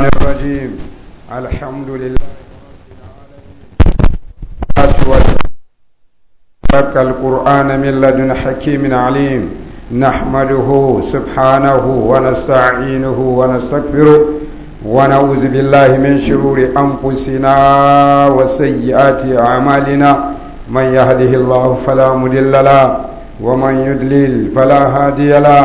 الرجيم الحمد لله رب القرآن من لدن حكيم عليم نحمده سبحانه ونستعينه ونستغفره ونعوذ بالله من شرور أنفسنا وسيئات أعمالنا من يهده الله فلا مضل له ومن يضلل فلا هادي له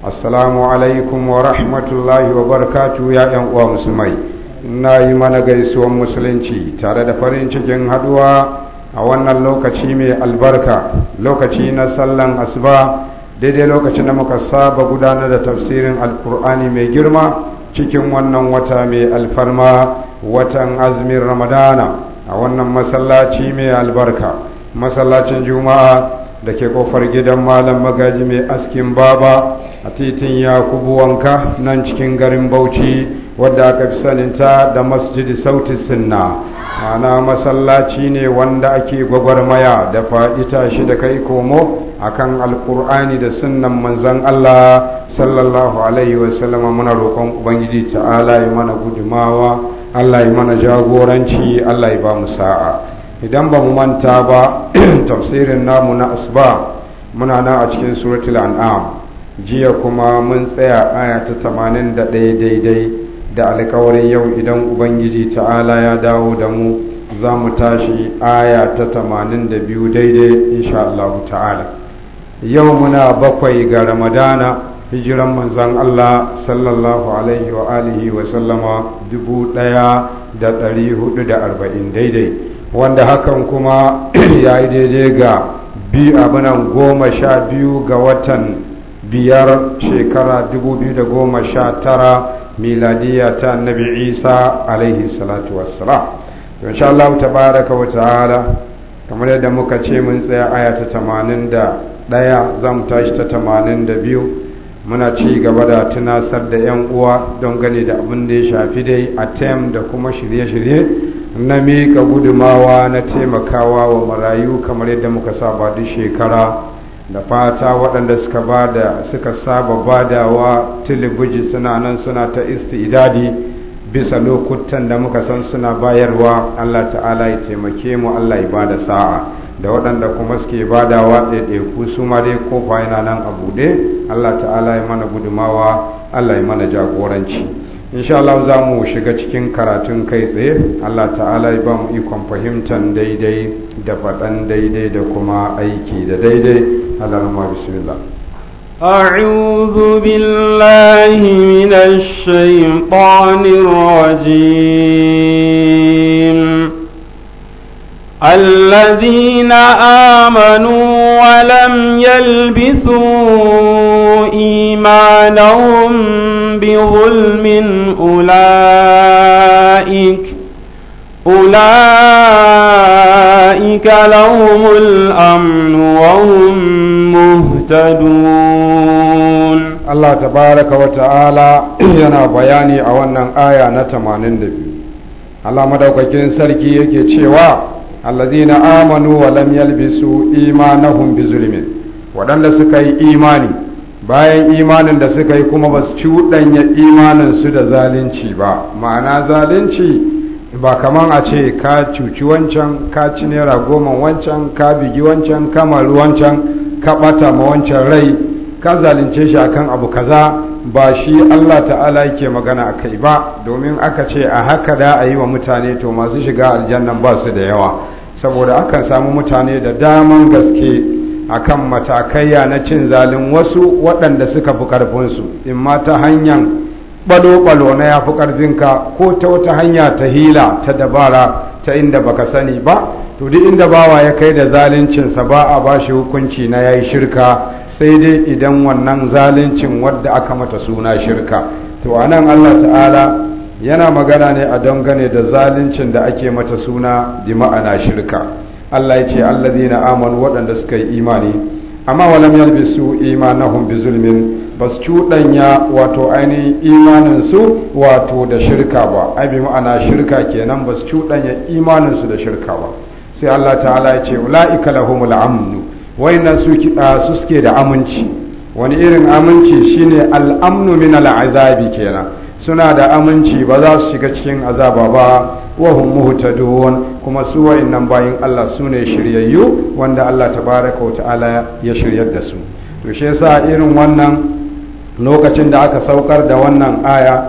assalamu alaikum wa rahmatullahi wa barakatu ya yan uwa musulmai na yi mana gaisuwan musulunci tare da farin cikin haduwa a wannan lokaci mai albarka lokaci na sallan asuba daidai lokacin da muka saba gudanar da tafsirin alkur'ani mai girma cikin wannan wata mai alfarma watan azumin ramadana a wannan masallaci mai albarka masallacin juma'a da ke kofar gidan malam magaji mai askin baba a titin yakubu wanka nan cikin garin bauchi wadda aka fi saninta da masjidi sauti sinna ana masallaci ne wanda ake gwagwarmaya da faɗi tashi da kai komo a kan Alƙur'ani da sunnan manzan Allah sallallahu alaihi wasallama muna roƙon ubangiji ta'ala yi mana gudumawa Allah yi mana jagoranci Allah yi ba mu sa'a idan ba mu manta ba tafsirin namu na asba muna nan a cikin suratul an'am jiya kuma mun tsaya aya ta 81 daidai da alkawarin yau idan ubangiji ta'ala ya dawo da mu za mu tashi aya ta 82 daidai insha Allah ta'ala yau muna bakwai ga ramadana hijiran manzan Allah sallallahu alaihi wa alihi wa sallama 1440 daidai wanda hakan kuma ya yi daidai ga biyu abinan goma sha biyu ga watan biyar shekara dubu biyu sha tara miladiya ta nabi isa alaihi salatu wassalam don sha Allah tabaraka wa ta'ala kamar yadda muka ce mun tsaya aya ta tamanin da ɗaya za tashi ta tamanin da biyu muna ci gaba da tunasar da 'yan uwa don gani da abin da ya shafi dai a tem da kuma shirye-shirye na miƙa gudumawa na taimakawa wa marayu kamar yadda muka saba duk shekara da fata waɗanda suka bada suka saba badawa tilibiji suna nan suna ta idadi bisa lokutan da muka san suna bayarwa Allah ta'ala ya taimake mu Allah ya bada sa'a da waɗanda kuma suke badawa ɗaiɗaiku su ma dai kofa yana nan a buɗe Allah ta'ala ya mana gudumawa Allah ya mana jagoranci insha Allah za mu shiga cikin karatun kai tsaye Allah ta'ala ya ba ikon fahimtar daidai da faɗan daidai da kuma aiki da daidai Allah ma bismillah أعوذ waje من الشيطان الرجيم الذين آمنوا ولم يلبسوا إيمانهم بظلم أولئك أولئك لهم الأمن وهم مهتدون الله تبارك وتعالى ينا بياني أولا آية نتمانين Allah madaukakin sarki yake cewa allazina amanu wa lam yalbisu imanahum bizulmin wadanda suka yi imani bayan imanin da suka yi kuma ba su wudanya imaninsu da zalunci ba ma'ana zalunci ba kaman a ce ka cuci wancan ka ci naira goma wancan ka bigi wancan ka malu wancan ka ɓata ma wancan rai ka zalunce shi akan abu kaza ba shi Allah ta'ala yake magana a kai ba domin aka ce a haka da a yi wa mutane to masu shiga aljannan ba su da yawa saboda akan samu mutane da daman gaske akan matakaiya na cin zalin wasu waɗanda suka fi ƙarfinsu in ma ta hanyar ɓalo-ɓalo na ya fi ƙarfinka ko ta wata hanya ta hila ta dabara ta inda baka sani ba to duk inda bawa ya kai da zaluncinsa ba a ba shi hukunci na ya yi shirka sai dai idan wannan zaluncin wadda aka mata suna shirka to a nan allah ta'ala yana magana ne a dangane da zaluncin da ake mata suna di ma'ana shirka Allah ya ce allazina amanu waɗanda suka yi imani amma walam yalbisu imanahum bi zulmin bas cuɗanya wato ainihin imaninsu wato da shirka ba ai bi ma'ana shirka kenan bas cuɗanya imanin su da shirka ba sai Allah ta'ala ya ce ulaika lahumul amnu wayannan su su suke da aminci wani irin aminci shine al-amnu min al kenan suna da aminci ba za su shiga cikin azaba ba wa ta muhtadun kuma su wayannan bayin Allah sune shiryayyu wanda Allah tabaraka wa ta'ala ya shiryar da su to shi yasa irin wannan lokacin da aka saukar da wannan aya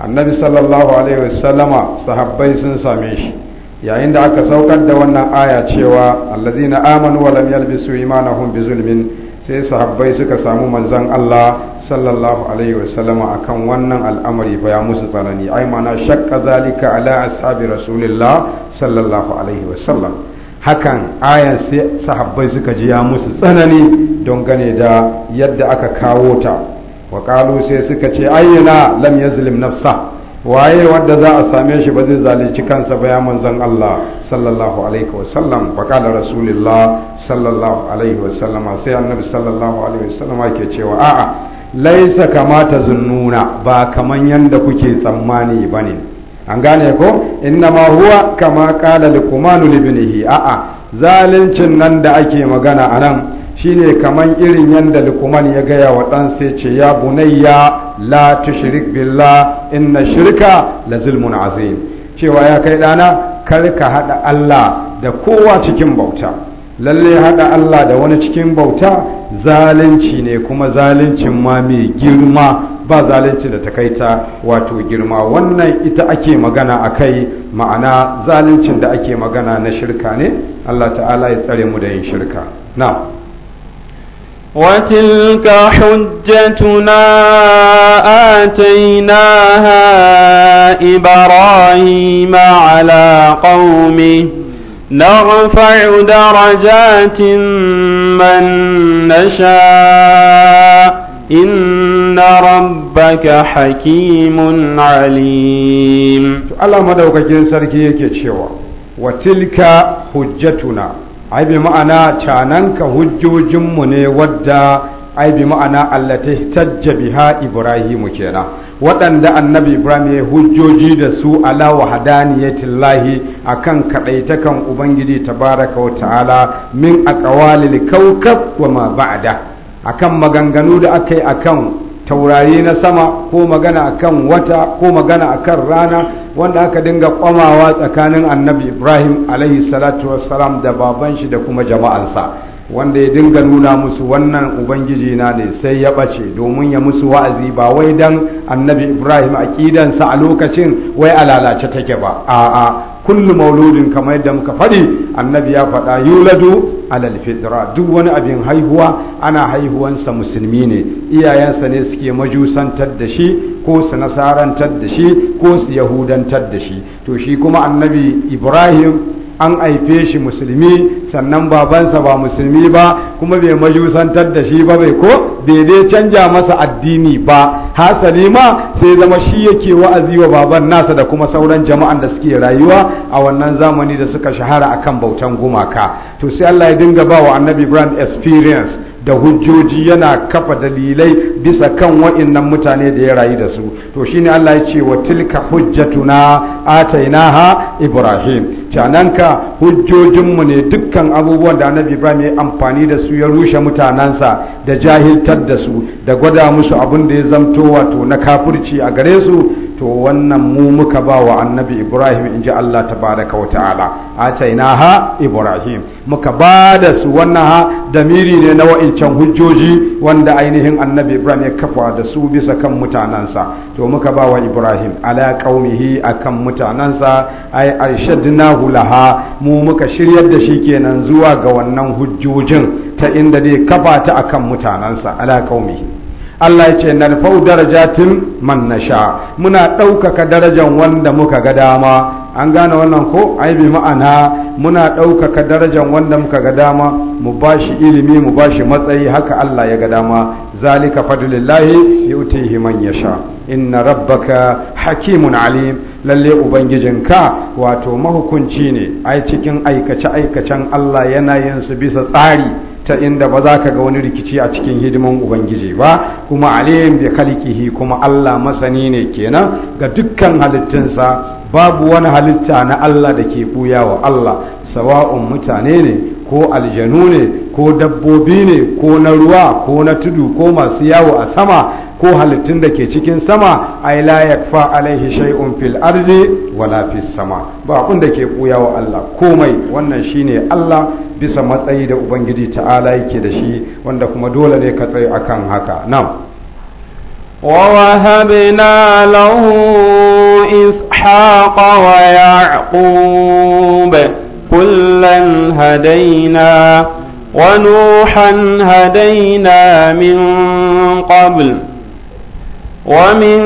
annabi sallallahu alaihi wasallama sahabbai sun same shi yayin da aka saukar da wannan aya cewa allazina amanu wa lam yalbisu imanahum bi zulmin sai sahabbai suka samu manzan Allah sallallahu alaihi a akan wannan al'amari ba ya musu tsanani ai mana shakka zalika ala ashabi rasulillah sallallahu alaihi wasallam hakan ayan sai sahabbai suka ji ya musu tsanani don gane da yadda aka kawo ta wa sai suka ce ayyana lam yazlim nafsa waye wanda za a same shi ba zai zalunci kansa ba ya manzon Allah sallallahu alaihi wa sallam fa qala rasulullah sallallahu alaihi wa sallama sai annabi sallallahu alaihi wa sallama ke cewa a'a laisa kamata zunnuna ba kaman yanda kuke tsammani bane an gane ko ma huwa kama qala luqmanu libnihi a'a zaluncin nan da ake magana anan shine kaman irin yanda luqman ya gaya wa dan sai ce ya bunayya la تشرك بالله na shirka la عظيم cewa ya kai dana kar ka hada Allah da kowa cikin bauta lalle hada Allah da wani cikin bauta zalunci ne kuma zaluncin ma mai girma ba zalunci da takaita wato girma wannan ita ake magana a kai ma'ana zaluncin da ake magana na shirka ne Allah ta'ala ya tsare mu da yin shirka na وتلك حجتنا آتيناها إبراهيم على قومه نرفع درجات من نشاء إن ربك حكيم عليم الله مدوك جنسر كيكي وتلك حجتنا ai bi ma'ana cananka hujjojinmu ne wadda ai bi ma'ana allati tajja biha ibrahimu kenan waɗanda annabi ibrahim ya hujjoji da su ala wahdaniyatillahi akan kadaitakan ubangiji tabaraka wa ta'ala min aqwalil kaukab wa ma ba'da akan maganganu da akai akan taurari na sama ko magana akan wata ko magana akan rana wanda aka dinga kwamawa tsakanin annabi ibrahim alaihi salatu wassalam da baban shi da kuma jama'ansa wanda ya dinga nuna musu wannan ubangiji na ne sai ya ɓace domin ya musu wa'azi ba wai dan annabi ibrahim aƙidansa a lokacin wai a lalace take ba a'a Kullum mauludin kamar da muka faɗi annabi ya faɗa yuladu alal fitra duk wani abin haihuwa ana haihuwansa musulmi ne iyayensa ne suke majusantar da shi ko su nasarantar da shi ko su yahudantar da shi to shi kuma annabi ibrahim an haife shi musulmi sannan babansa ba musulmi ba kuma bai majusantar da shi ba bai ko bai dai canja masa addini ba hasali ma sai zama shi yake wa'azi wa baban nasa da kuma sauran jama'an da suke rayuwa a wannan zamani da suka shahara akan bautan gumaka to sai Allah ya dinga ba wa annabi Ibrahim experience da hujjoji yana kafa dalilai bisa kan wa'innan mutane da ya rayu da su to shine Allah ya ce wa tilka hujjatuna atainaha ibrahim cananka hujjojinmu ne dukkan abubuwan da annabi ibrahim ya amfani da su ya rushe mutanansa da jahiltar da su da gwada musu abin da ya zamto wato na kafirci a gare su to wannan mu muka ba wa annabi ibrahim in ji allah ta ba da kawo ta'ala ha ibrahim muka ba da su wannan ha damiri ne na wa'incan hujjoji wanda ainihin annabi ibrahim ya kafa da su bisa kan mutanensa to muka ba wa ibrahim ala a kan mutanensa ai arshadnahu laha mu muka shiryar da shi kenan zuwa ga wannan hujjojin ta inda dai kafa ta kan mutanensa ala Allah ya ce daraja darajatin man nasha muna ɗaukaka darajan wanda muka ga dama an gane wannan ko ai bi ma'ana muna ɗaukaka darajan wanda muka ga dama mu bashi ilimi mu bashi matsayi haka Allah ya ga dama zalika fadlillahi yutihi man yasha inna rabbaka hakimun alim lalle ubangijinka wato mahukunci ne ai cikin aikace aikacen Allah yana yin su bisa tsari ta inda ba za ka ga wani rikici a cikin hidiman ubangiji ba kuma alim bi khalqihi kuma Allah masani ne kenan ga dukkan halittunsa babu wani halitta na Allah da ke buya wa Allah sawa'un mutane ne ko aljanu ne ko dabbobi ne ko na ruwa ko na tudu ko masu yawo a sama ko halittun da ke cikin sama ai la yakfa alaihi shay'un fil ardi wala fis sama ba da ke buya wa Allah komai wannan shine Allah bisa matsayi da ubangiji ta'ala yake da shi wanda kuma dole ne ka tsaye akan haka na'am ووهبنا له إسحاق ويعقوب كلا هدينا ونوحا هدينا min قبل ومن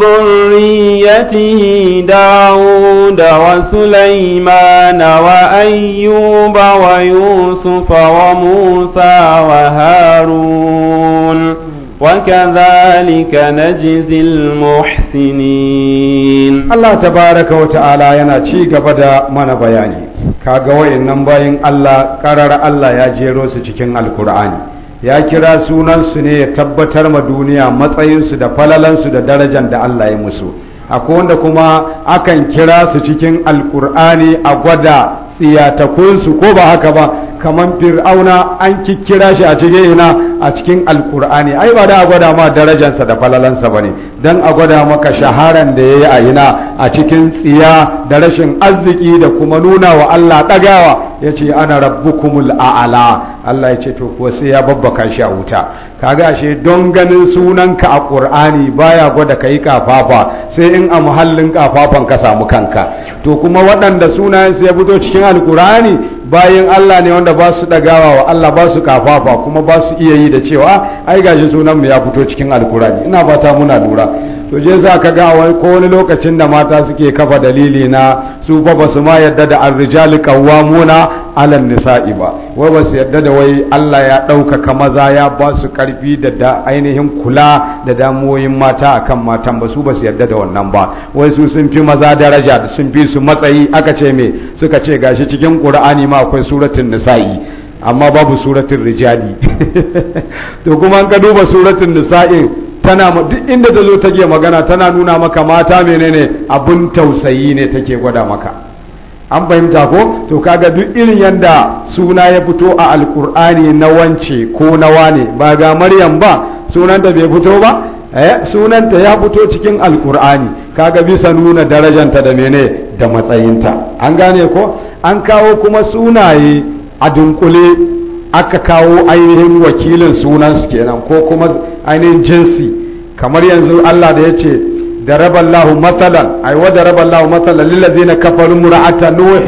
ذريته داود وسليمان وأيوب ويوسف وموسى وهارون وكذلك نجزي المحسنين الله تبارك وتعالى يناتي قبدا من بياني كاقوين نمبين الله قرر الله يجيروس تكين القرآن ya kira sunansu ne ya tabbatar ma duniya matsayinsu da falalansu da darajan da Allah ya musu akwai wanda kuma akan kira su cikin alkur'ani a gwada tsiyatakunsu ko ba haka ba kamar fir'auna an kikkira shi a cikin ina a cikin alkur'ani ai ba da a gwada ma darajarsa da falalansa ba ne don a gwada maka shaharan da ya yi a ina a cikin tsiya da rashin arziki da kuma nuna wa Allah ɗagawa ya ce ana rabbukumul a'ala Allah ya to ko sai ya babbaka shi a wuta kaga shi don ganin sunanka a ƙur'ani baya gwada ka kafafa sai in a muhallin kafafan ka samu kanka to kuma waɗanda sunayensu ya fito cikin alkur'ani Bayan Allah ne wanda ba su dagawa wa Allah ba su kafafa kuma ba su iya yi da cewa ah, ai gashi sunan mu ya fito cikin alkurani ina fata muna lura to je za ka ga wani ko wani lokacin da mata suke kafa dalili na su fa ba su ma yadda da arrijal qawwamuna alan nisa'i ba wai ba su yadda da wai Allah ya ɗaukaka maza ya ba su ƙarfi da da ainihin kula da damoyin mata akan matan ba su ba su yadda da wannan ba wai su sun fi maza daraja sun fi su matsayi aka ce me suka ce gashi cikin Qur'ani ma akwai suratul nisa'i amma babu suratul rijali to kuma an ka duba suratul nisa'i tana duk inda ta zo take magana tana nuna maka mata menene abun tausayi ne take gwada maka an fahimta ko to kaga duk irin yadda suna ya fito a alkur'ani na wance ko na wane ba ga maryam ba sunanta bai fito ba eh sunanta ya fito cikin alkur'ani kaga bisa nuna darajanta da mene da matsayinta an gane ko an kawo kuma sunaye a dunkule aka kawo ainihin wakilin sunan su kenan ko kuma ainihin jinsi kamar yanzu Allah da ya ce ضرب الله مثلا أي أيوة وضرب الله مثلا للذين كفروا مرعة نوح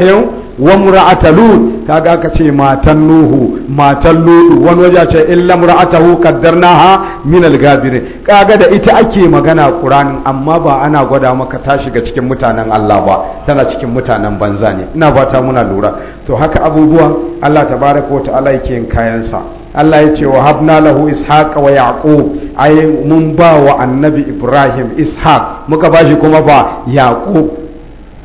wa mura'ata lut kaga aka ce matan nuhu matan lut wani waje ce illa mura'atahu qaddarnaha min al-gabirin kaga da ita ake magana qur'anin amma ba ana gwada maka ta shiga cikin mutanen Allah ba tana cikin mutanen banza ne ina fata muna lura to haka abubuwa Allah tabaaraka wa ta'ala yake yin kayansa Allah ya ce wa habna lahu ishaqa wa yaqub ai mun ba wa annabi ibrahim ishaq muka bashi kuma ba yaqub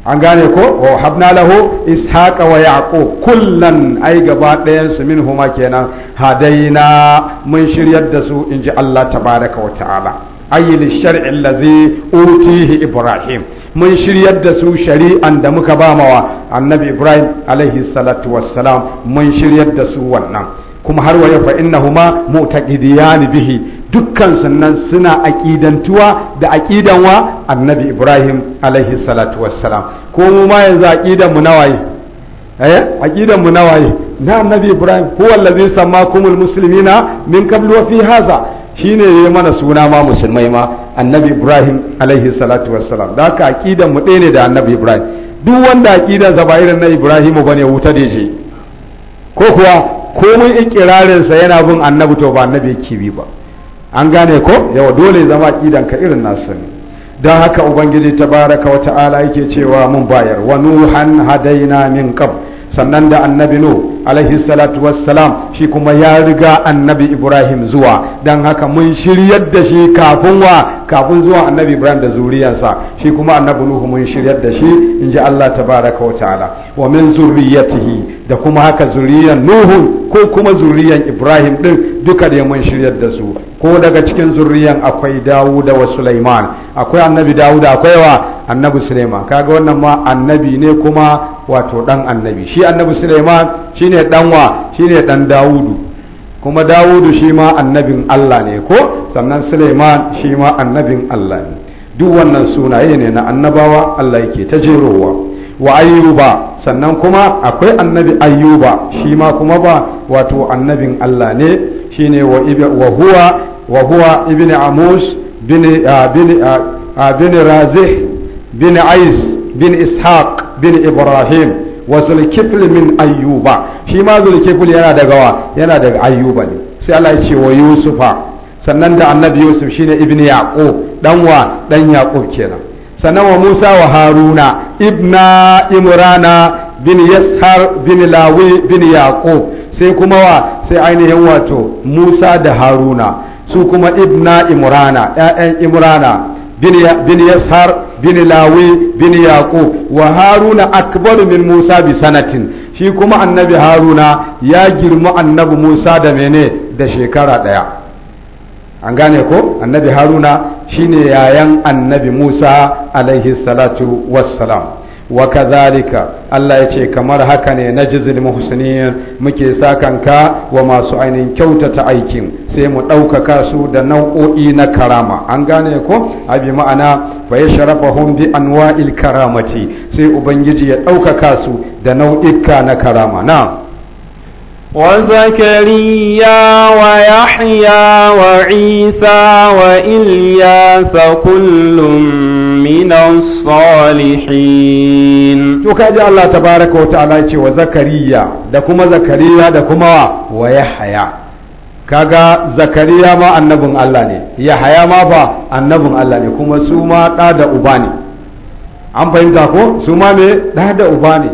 an gane ko wa habna lahu ishaqa wa yaqub kullan ai gaba ɗayan su minhuma kenan hadaina mun shiryar da su inji Allah tabaraka wa ta'ala ayyil shar'i allazi utihi ibrahim mun shiryar da su shari'an da muka ba mawa annabi ibrahim alaihi salatu wassalam mun shiryar da su wannan kuma har wa yafa innahuma mu'taqidiyani bihi dukkan sannan suna aƙidantuwa da aƙidan wa annabi ibrahim alaihi salatu wassalam ko mu ma yanzu aƙidanmu mu nawaye eh nawaye na annabi ibrahim ko wallazi sammakumul muslimina min qablu wa fi hadha shine yayi mana suna ma musulmai ma annabi ibrahim alaihi salatu wassalam da ka aƙidan mu ɗaya ne da annabi ibrahim duk wanda aƙidansa ba irin na ibrahim bane wuta da shi ko kuwa komai sa yana bin annabi to ba annabi yake bi ba an gane ko yawa dole zama kidan ka irin nasu ne don haka ubangiji ta baraka wata ta'ala yake cewa mun bayar wa nuhan hadaina min qab sannan da annabi nuh alaihi salatu wassalam shi kuma ya riga annabi ibrahim zuwa don haka mun shiryar da shi kafin wa kafin zuwa annabi ibrahim da zuriyarsa shi kuma annabi nuhu mun shiryar da shi in ji allah tabaraka wa ta'ala wa min zuriyatihi da kuma haka zuriyar nuhu ko kuma zuriyar ibrahim din duka da mun shiryar da su ko daga cikin zuriyar akwai dawuda wa sulaiman akwai annabi da akwai wa annabi sulaiman kaga wannan ma annabi ne kuma wato dan annabi shi annabi suleiman shine dan wa shine dan dawudu kuma dawudu shi ma annabin allah ne ko sannan suleiman shi ma annabin allah ne duk wannan sunaye ne na annabawa allah yake ta jerowa wa ayyuba sannan kuma akwai annabi ayyuba shi ma kuma ba wato annabin allah ne shine wa huwa wa huwa amus bin ah, bin ah, ah, bin razih bin aiz bin ishaq bin ibrahim wa zulkifl min ayyuba shi ma zulkifl yana daga wa yana daga ayyuba ne sai Allah ya ce wa yusufa sannan da annabi yusuf shine ibn yaqub dan wa dan yaqub kenan sannan wa musa wa haruna ibna imrana bin yashar bin lawi bin yaqub sai kuma wa sai ainihin wato musa da haruna su kuma ibna imrana ƴaƴan imrana bin yashar bin lawi bin yaqub wa haruna akbaru min musa bi sanatin shi kuma annabi haruna ya girma annabi musa da mene da shekara ɗaya an gane ko annabi haruna shine yayan annabi musa alaihi salatu wassalam wa kazalika Allah ya ce kamar haka ne na jizil muhsinin muke sakanka wa masu ainihin kyautata aikin sai mu ɗaukaka su da nau'o'i na karama an gane ko abi ma'ana fa ya sharafahum bi anwa'il karamati sai ubangiji ya ɗaukaka su da nau'ika na karama na وزكريا ويحيى وعيسى وإلياس كل من الصالحين وكاد الله تبارك وتعالى وزكريا دكما زكريا دكما ويحيى kaga zakariya ma annabin Allah ne ya haya ma ba annabin Allah ne kuma su ma da uba ne an fahimta ko su ma me ɗa da uba ne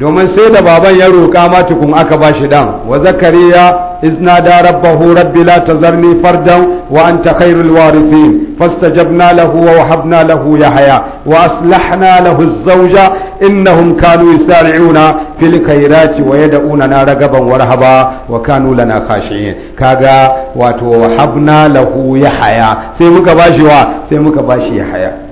domin sai da baban ya roƙa ma tukun aka ba shi ɗan wa zakariya izna da rabbahu rabbi la tazarni fardan wa anta khairul warithin fastajabna lahu wa wahabna lahu yahya wa aslahna lahu zawja innahum kanu yusari'una fil khairati wa yad'una na ragaban wa wa kanu lana khashiyin kaga wato wahabna lahu yahya sai muka bashi wa sai muka bashi yahya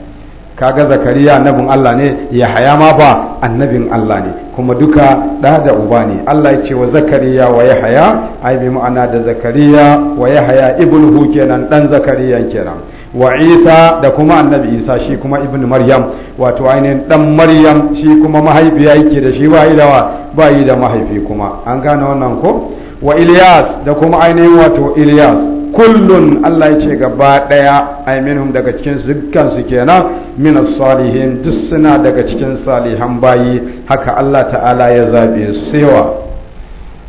kaga zakariya annabin Allah ne ya haya ma ba annabin Allah ne kuma duka ɗa da uba ne Allah ya ce wa zakariya wa ya haya ai bi ma'ana da zakariya wa ya ibnu ibnuhu kenan dan zakariya kenan wa isa da kuma annabi isa shi kuma ibnu maryam wato ainihin dan maryam shi kuma mahaifiya yake da shi ba da ba da mahaifi kuma an gane wannan ko wa ilyas da kuma ainihin wato ilyas kullun Allah ya ce gaba ɗaya ai minhum daga cikin dukkan su kenan min salihin duk suna daga cikin salihan bayi haka Allah ta'ala ya zabe su sewa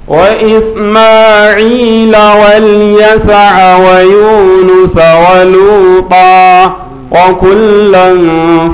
وإسماعيل واليسع ويونس ولوطا وكلا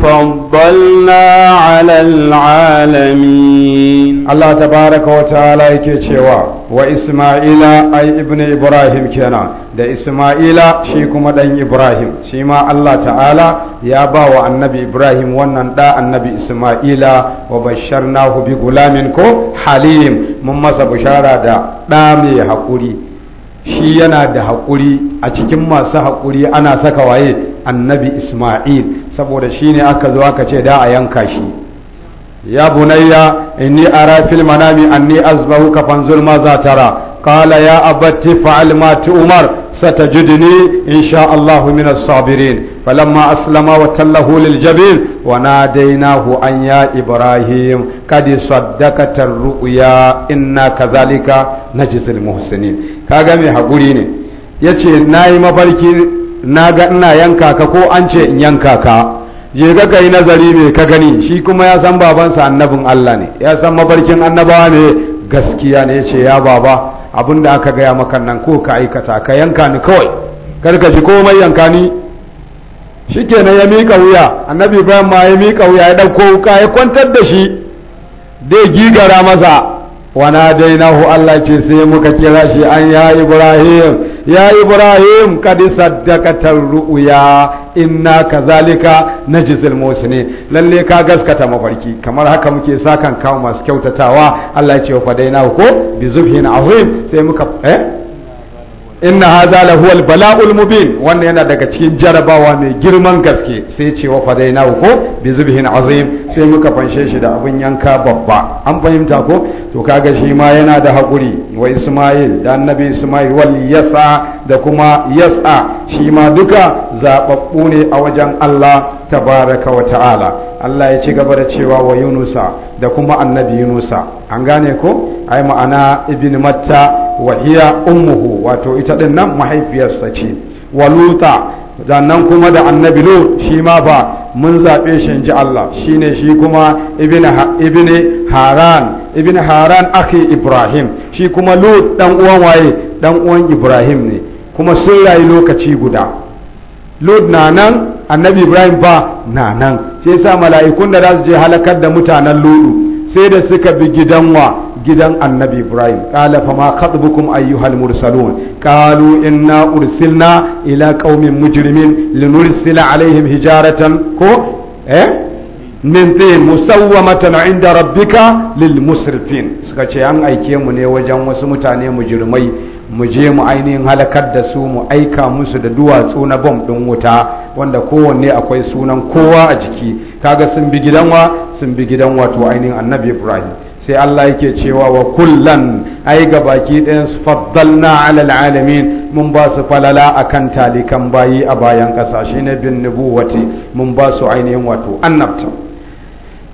فضلنا على العالمين الله تبارك وتعالى يكيشوا وإسماعيل أي ابن إبراهيم كنا da Ismaila shi kuma ɗan Ibrahim shi ma Allah ta'ala ya ba wa annabi Ibrahim wannan ɗa annabi Ismaila wa bashar bi gulamin ko halim mun masa bishara da ɗa mai haƙuri shi yana da haƙuri a cikin masu haƙuri ana saka waye annabi isma'il saboda shi ne aka zo aka ce da a yanka shi ya bunayya inni ara fil manami anni azbahu ka fanzur ma za tara qala ya abati fa'al ma tu'mar satajidni insha allahu min as-sabirin فلما أسلم وتله للجبين وناديناه أن يا إبراهيم قد صدقت الرؤيا إنا كذلك نجزي المحسنين كاغامي هقوليني يتي ناي مباركي naga ina yanka ka ko an ce in yanka ka je ka kai nazari ne ka gani shi kuma ya san babansa annabin Allah ne ya san mafarkin annabawa ne gaskiya ne ya ce ya baba abinda aka gaya maka nan ko ka aikata ka yanka ni kawai kar ka ji komai yanka ni shi kenan ya miƙa wuya annabi bayan ma ya miƙa wuya ya ɗauko wuka ya kwantar da shi dai gigara masa wana dainahu Allah ce sai muka kira shi an ya ibrahim ya ibrahim kad saddaqatar ru'ya inna kazalika najzil musini lalle ka gaskata mafarki kamar haka muke sakan kawo masu kyautatawa Allah ya ce wa fadaina ko bi zubhin azim sai muka eh inna hadha la huwa bala'ul mubin wannan yana daga cikin jarabawa mai girman gaske sai ce wa fadainahu ko bi zubhin azim sai muka fanshe shi da abin yanka babba an fahimta ko to kaga shi ma yana da hakuri wa isma'il da annabi isma'il wal yasa da kuma yasa shi ma duka zababbu ne a wajen Allah tabaraka wa ta'ala Allah ya ci gaba da cewa wa yunusa da kuma annabi yunusa an gane ko ai ma'ana ibn matta wa hiya ummuhu wato ita din nan mahaifiyarsa ce waluta nan kuma da annabi lut shi ma fa mun zaɓe shi ji Allah shine shi kuma ibn haran ibn haran akhi ibrahim shi kuma lut dan uwan waye dan uwan ibrahim ne kuma sun rayu lokaci guda lut na nan annabi ibrahim ba na nan sai sa mala'ikun da za su je halakar da mutanen lulu sai da suka bi gidan gidanwa gidan annabi ibrahim qala fa ma khatbukum ayyuhal mursalun qalu inna ursilna ila qaumin mujrimin linursila alaihim hijaratan ko eh min tin musawwamatan inda rabbika lil musrifin suka ce an aike mu ne wajen wasu mutane mujrimai mu je mu ainihin halakar da su mu aika musu da duwatsu na bom ɗin wuta wanda kowanne akwai sunan kowa a jiki kaga sun bi gidanwa sun bi gidan wato ainihin annabi ibrahim sai Allah yake cewa wa kullan ai ga baki ɗayan faddalna alal alamin mun ba su falala akan talikan bayi a bayan ƙasa ne bin nubuwati mun ba su ainihin wato annabta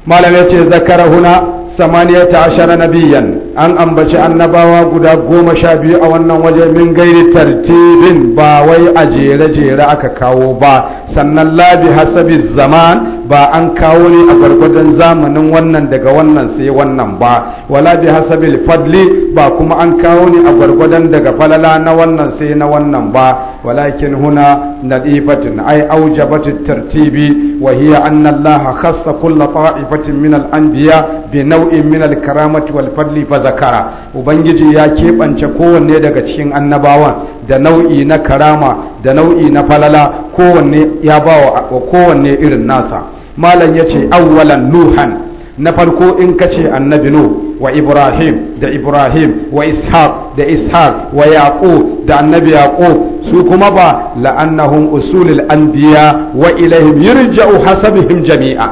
malamai ce zakara huna samaniyata ashara nabiyan an ambaci annabawa guda goma sha biyu a wannan waje min gairi tartibin ba wai a jere-jere aka kawo ba sannan labi hasabi zaman ba an kawo ne a gwargwadon zamanin wannan daga wannan sai wannan ba wala bi hasabil fadli ba kuma an kawo ne a gwargwadon daga falala na wannan sai na wannan ba walakin huna nadifatin ai aujabati tartibi wa hiya anna Allah khassa kull ta'ifatin min al-anbiya bi naw'in min al-karamati wal fadli fa zakara ubangiji ya keɓance kowanne daga cikin annabawan da nau'i na karama da nau'i na falala kowanne ya bawa kowanne irin nasa malam ya ce awwalan nuhan na farko in ka ce annabi nu wa ibrahim da ibrahim wa ishaq da ishaq wa yaqub da annabi yaqub su kuma ba la'annahum usulul anbiya wa ilaihim yurja'u hasabihim jami'a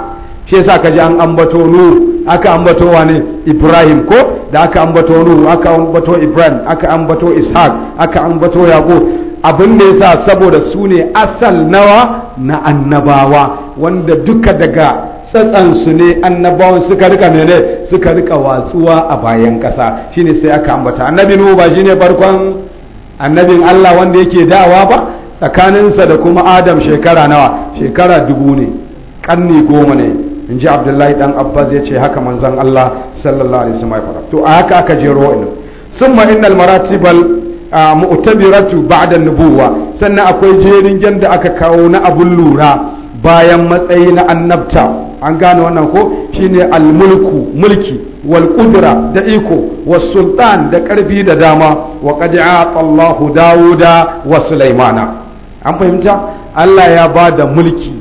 shi yasa kaji an ambato nu aka ambato wani ibrahim ko da aka ambato nu aka ambato ibrahim aka ambato ishaq aka ambato yaqub abin da yasa saboda su ne asal nawa na annabawa wanda duka daga su ne annabawan suka rika mene suka rika watsuwa a bayan ƙasa shine sai aka ambata annabi nuhu ba shine farkon annabin Allah wanda yake da'awa ba tsakaninsa da kuma adam shekara nawa shekara dubu ne ƙanni goma ne in ji abdullahi dan abbas ya ce haka manzon Allah sallallahu alaihi wasallam to a haka aka jero ina summa innal maratibal mu'tabiratu ba'da nubuwa sannan akwai jerin jan da aka kawo na abun lura bayan matsayi na annabta an gane wannan ko shine almulku mulki wal qudra da iko was sultan da karfi da dama wa qad Allahu Dawuda wa Sulaimana an fahimta Allah ya ba da mulki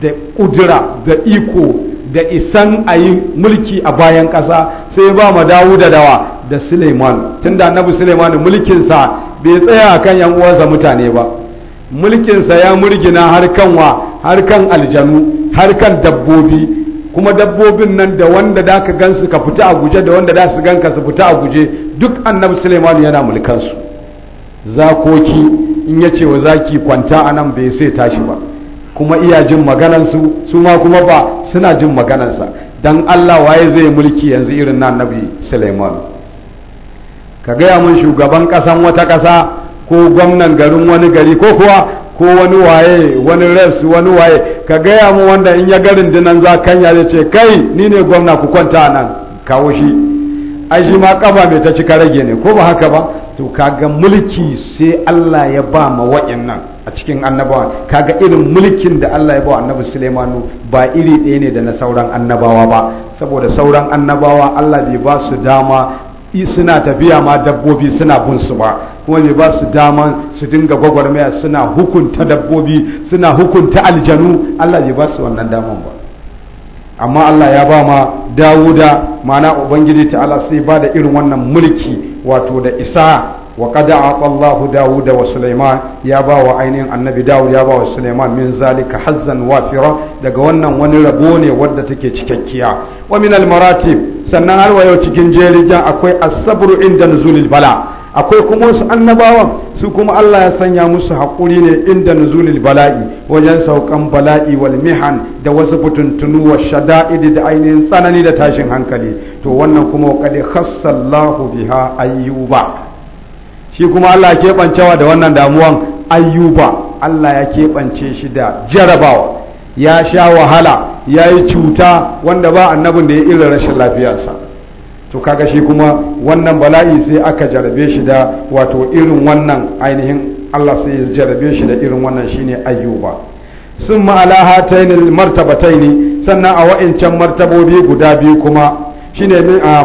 da kudura da iko da isan ayi mulki a bayan kasa sai ba ma dawuda da dawa da Suleiman tunda annabi Suleiman mulkinsa bai tsaya kan yan uwansa mutane ba mulkinsa ya murgina har kan wa har kan aljanu har kan dabbobi kuma dabbobin nan da wanda da ka gansu ka fita a guje da wanda da su ganka su fita a guje duk annabi Suleiman yana mulkansu zakoki in ya ce wa zaki kwanta a nan bai sai tashi ba kuma iya jin maganansu su ma kuma ba suna jin maganansa dan Allah waye zai mulki yanzu irin na annabi Suleiman ka gaya mun shugaban kasan wata kasa ko gwamnan garin wani gari ko kuwa ko wani waye wani refs wani waye ka gaya mun wanda in ya garin dinan za kan ya ce kai ni ne gwamna ku kwanta nan kawo shi ai shi ma kafa mai ta cika rage ne ko ba haka ba to kaga mulki sai Allah ya ba ma wa'annan a cikin annabawa kaga irin mulkin da Allah ya ba annabi Sulaimanu ba iri ɗaya ne da na sauran annabawa ba saboda sauran annabawa Allah bai ba su dama suna tafiya ma dabbobi suna bin su ba kuma bai ba su daman su dinga gwagwarmaya suna hukunta dabbobi suna hukunta aljanu Allah bai ba su wannan daman ba amma Allah ya ba ma Dawuda ma'ana Ubangiji ta'ala sai ba da irin wannan mulki wato da isa wa qad a'ata Dawuda wa Sulaiman ya ba wa ainihin annabi Dawud ya ba wa Sulaiman min zalika hazzan wafira daga wannan wani rabo ne wadda take cikakkiya wa min al maratib sannan har wayo cikin jerijan akwai as-sabru inda nuzulil bala akwai kuma wasu annabawan su kuma Allah ya sanya musu haƙuri ne inda nuzulil bala'i wajen saukan bala'i wal mihan da wasu fituntunu wa shada'idi da ainihin tsanani da tashin hankali to wannan kuma wa qad khassallahu biha ayyuba shi kuma Allah ya keɓancewa da wannan damuwan ayyuba Allah ya keɓance shi da jarabawa ya sha wahala ya yi cuta wanda ba annabin da ya irin rashin lafiyarsa to kaga shi kuma wannan bala'i sai aka jarabe shi da wato irin wannan ainihin Allah sai ya jarabe shi da irin wannan shine ayyuba sun ma'ala hatainil ne sannan a wa'incan martabobi guda biyu kuma shine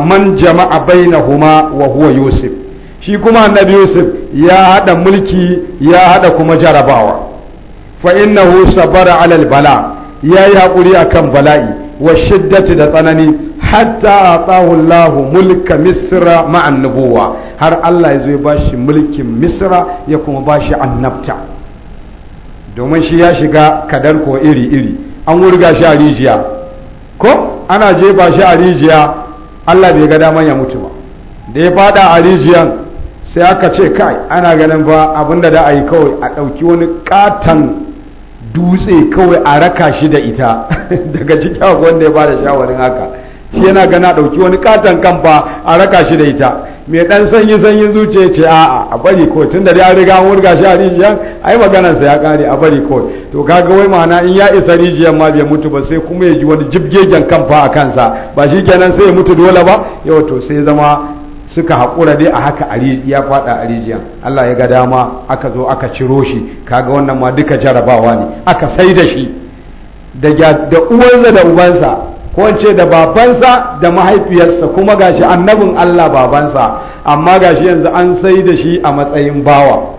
man jama'a bainahuma wa huwa yusuf shi kuma annabi yusuf ya hada mulki ya hada kuma jarabawa fa innahu sabara alal bala ya yi haƙuri akan bala'i wa shiddati da tsanani hatta atahu Allah mulka misra ma annabuwa har Allah ya zo ya bashi mulkin misra ya kuma bashi annabta domin shi ya shiga kadar ko iri iri an wurga shi a rijiya ko ana ba shi a rijiya Allah bai ga daman ya mutu ba da ya fada a rijiyan sai aka ce kai ana ganin ba abinda da a yi kawai a ɗauki wani katon dutse kawai a raka shi da ita daga cikin wanda ya da shawarin haka shi yana gana ɗauki wani katon kan ba a raka shi da ita mai ɗan sanyi sanyi zuciya ce a a bari ko tun da ya riga an wurga shi a rijiyar ai maganar sa ya kare a bari ko to kaga wai ma'ana in ya isa rijiyar ma bai mutu ba sai kuma ya ji wani jibgegen kan fa a kansa ba shi kenan sai ya mutu dole ba yau to sai zama suka haƙura dai a haka ya faɗa a rijiya Allah ya ga dama aka zo aka ciro shi kaga wannan ma duka jarabawa ne aka sai da shi da uwansa da ubansa ko ce da babansa da mahaifiyarsa kuma gashi annabin Allah babansa amma gashi yanzu an sai da shi a matsayin bawa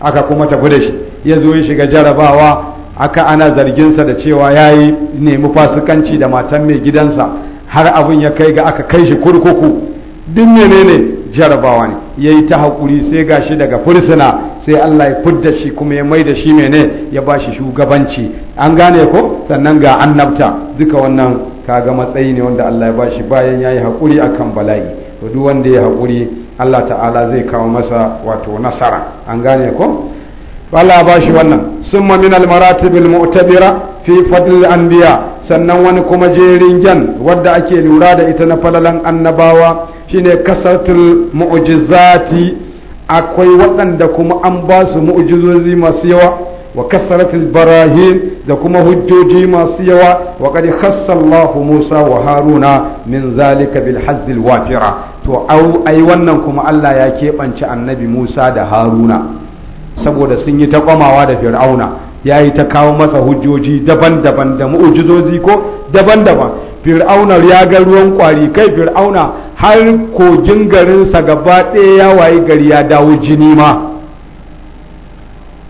aka kuma tafi da shi ya zo ya shiga jarabawa aka ana zarginsa da cewa ya yi nemi fasikanci da matan mai gidansa har abin ya kai ga aka kai shi kurkuku duk menene jarabawa ne yayi ta hakuri sai gashi daga fursuna sai Allah ya fudda shi kuma ya mai da shi mene ya ba shi shugabanci an gane ko sannan ga annabta duka wannan kaga matsayi ne wanda Allah ya bashi bayan yayi hakuri akan bala'i to duk wanda ya hakuri Allah ta'ala zai kawo masa wato nasara an gane ko Allah ba shi wannan summa min al mu'tabira fi fadl anbiya sannan wani kuma jerin gyan wadda ake lura da ita na falalan annabawa shine kasartul mu'jizati akwai waɗanda kuma an ba su mu'jizozi masu yawa wa kasaratul barahin da kuma hujjoji masu yawa wa qad khassallahu Musa wa Haruna min zalika bil hazzil wafira to au ai wannan kuma Allah ya keɓance annabi Musa da Haruna saboda sun yi ta kwamawa da Fir'auna ya yi ta kawo masa hujjoji daban-daban da mu'ujizozi ko daban-daban fir'auna ya ga ruwan kwari kai fir'auna har kogin garinsa gaba ɗaya ya wayi gari ya dawo jini ma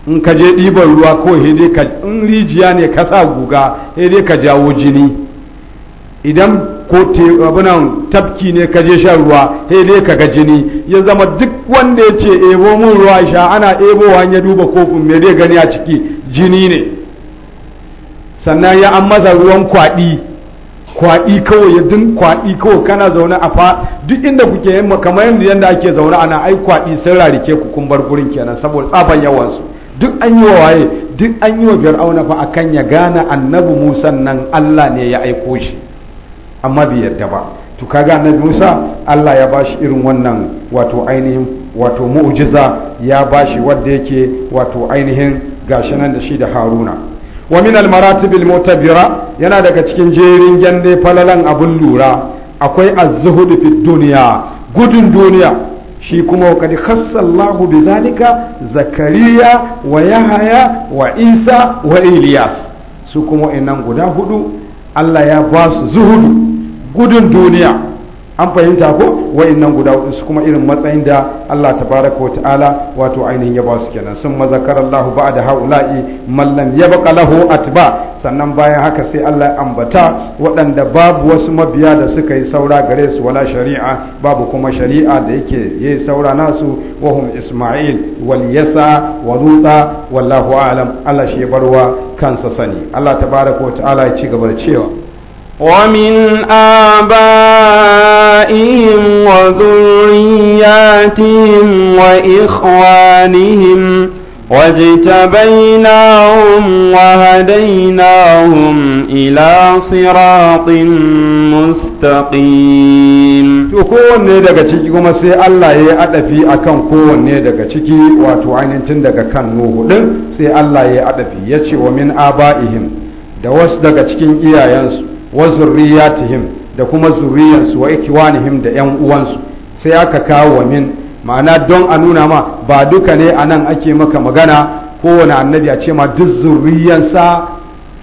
in ka je ɗiban ruwa kawai ka in rijiya ne ka sa guga dai ka jawo jini idan ko abunan tafki ne ka je shan ruwa dai ka ga jini ya zama duk wanda ya ce ebo mun ruwa sha ana ebowa ya duba kofin me dai gani a ciki jini ne sannan ya an masa ruwan kwaɗi kwaɗi kawai ya dun kwaɗi kawai kana zaune a fa duk inda kuke yin kamar yadda yadda ake zaune ana ai kwaɗi sun rarike ku kun bar gurin kenan saboda tsaban yawansu duk an yi wa waye duk an yi wa fir'auna fa akan ya gane annabi musa nan allah ne ya aiko shi amma bai yadda ba to kaga annabi musa allah ya bashi irin wannan wato ainihin wato mu'jiza ya bashi wanda yake wato ainihin gashi nan da shi da haruna wa min almaratibil mutabira yana daga cikin jerin gyande falalan abun lura akwai az-zuhud fi dunya gudun duniya shi kuma kadi khassallahu zalika, zakariya wa yahaya wa isa wa ilyas su kuma innan guda hudu Allah ya ba su zuhudu gudun duniya an fahimta ko nan guda hudu su kuma irin matsayin da Allah tabaraka wa ta'ala wato ainihin ya ba su kenan sun mazakar Allah da haula'i mallam ya baka lahu atba sannan bayan haka sai Allah ambata waɗanda babu wasu mabiya da suka yi saura gare su wala shari'a babu kuma shari'a da yake yayi saura nasu wahum Isma'il wal Yasa wa Luta wallahu a'lam Allah shi ya barwa kansa sani Allah tabaraka wa ta'ala ya ci gaba da cewa ومن آبائهم وذرياتهم وإخوانهم واجتبيناهم وهديناهم إلى صراط مستقيم kowanne daga ciki kuma sai Allah ya adafi akan kowanne daga ciki wato ainihin daga kan Nuhu din sai Allah ya adafi yace wa min aba'ihim da wasu daga cikin iyayensu wa zurriyatihim da kuma zurriyansu wa ikwanihim da yan uwansu sai aka kawo min ma'ana don a nuna ma ba duka ne a nan ake maka magana kowane annabi a ce ma duk zurriyansa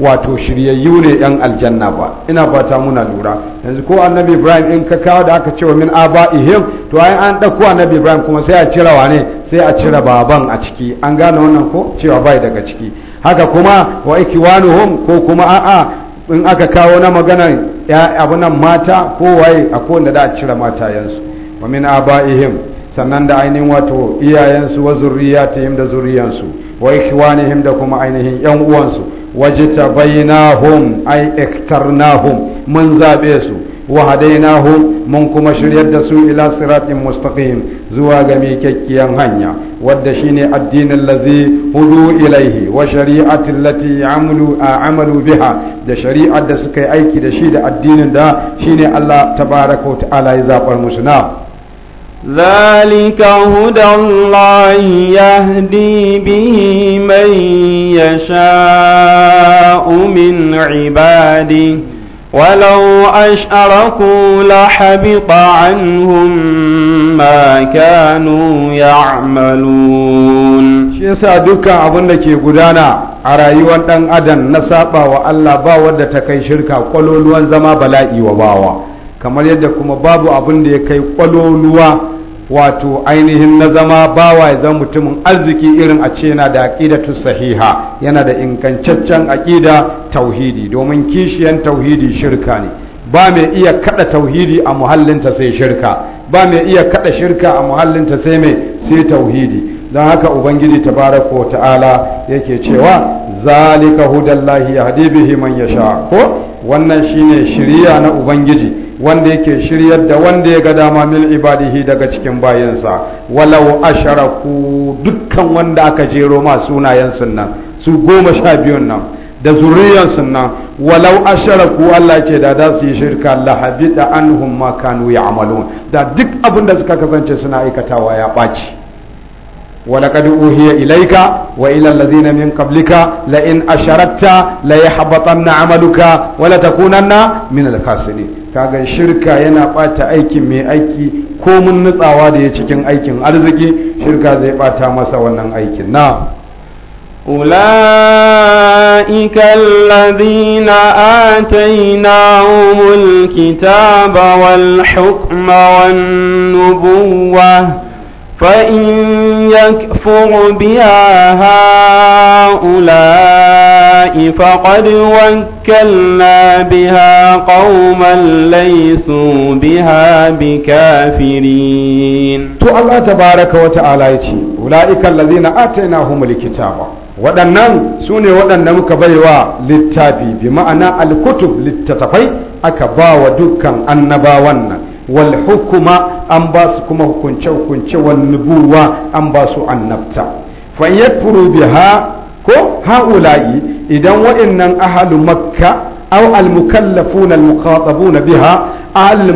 wato shiryayyu ne yan aljanna ba ina fata muna lura yanzu ko annabi ibrahim in ka kawo da aka ce wa min aba'ihim to ai an dauko annabi ibrahim kuma sai a cire wane sai a cire baban a ciki an gane wannan ko cewa bai daga ciki haka kuma wa ikwanuhum ko kuma a'a in aka kawo na magana ya abu nan mata ko waye a kowanne da a cire matayensu wa min aba'ihim sannan da ainihin wato iyayensu wa zurriyatihim da zurriyansu wa ikhwanihim da kuma ainihin yan uwansu wajtabainahum ay iktarnahum mun zaɓe su wa hadainahu mun kuma shiryar da su ila siratin mustaqim zuwa game miƙaƙƙiyan hanya wadda shine addinin lazi hudu ilaihi wa shari'atin lati amalu amalu biha da shari'ar da suka yi aiki da shi da addinin da shine Allah tabaraka wa ta'ala ya zabar musu na ذلك هدى الله يهدي به من يشاء من عباده ولو أشأركوا لحبط عنهم ما كانوا يعملون shi yasa dukkan abin da ke gudana a rayuwar ɗan adam na saɓa wa Allah ba wadda ta kai shirka kwaloluwan zama bala'i wa bawa kamar yadda kuma babu abin da ya kai kwaloluwa wato ainihin na zama bawa ya zama mutumin arziki irin a ce yana da aƙida tu sahiha yana da ingantaccen aƙida tauhidi domin kishiyan tauhidi shirka ne ba mai iya kaɗa tauhidi a muhallinta sai shirka ba mai iya kaɗa shirka a muhallinta sai mai sai tauhidi don haka ubangiji tabaraka wa ta'ala yake cewa zalika hudallahi ya yahdi bihi man yasha ko wannan shine shiriya na ubangiji wanda yake shiryar da wanda ya ga dama mil ibadihi daga cikin bayansa walau asharaku dukkan wanda aka jero ma sunayen sunnan su goma sha biyun nan da zuriyar sunnan walau asharaku Allah ce da za su yi shirka lahabita anhum ma kanu ya'malun da duk abin da suka kasance suna aikatawa ya ɓaci ولقد أوهي إليك وإلى الذين من قبلك لئن أشركت ليحبطن عملك ولتكونن من الخاسرين kaga shirka yana ɓata aikin mai aiki ko mun nutsawa da ya cikin aikin arziki shirka zai ɓata masa wannan aikin na أولئك الذين آتيناهم الكتاب والحكم والنبوة فإن يكفر بها هؤلاء فقد وكلنا بها قوما ليسوا بها بكافرين تو الله تبارك وتعالى يتي أولئك الذين آتيناهم الكتاب waɗannan su ne waɗanda muka baiwa littafi bi ma'ana alkutub littattafai aka ba wa dukkan annabawan nan wal hukuma an basu kuma hukunce hukunce wan nubuwa an basu annabta fa biha ko haula'i idan waɗannan ahlu makka au al mukallafuna al mukhatabuna biha al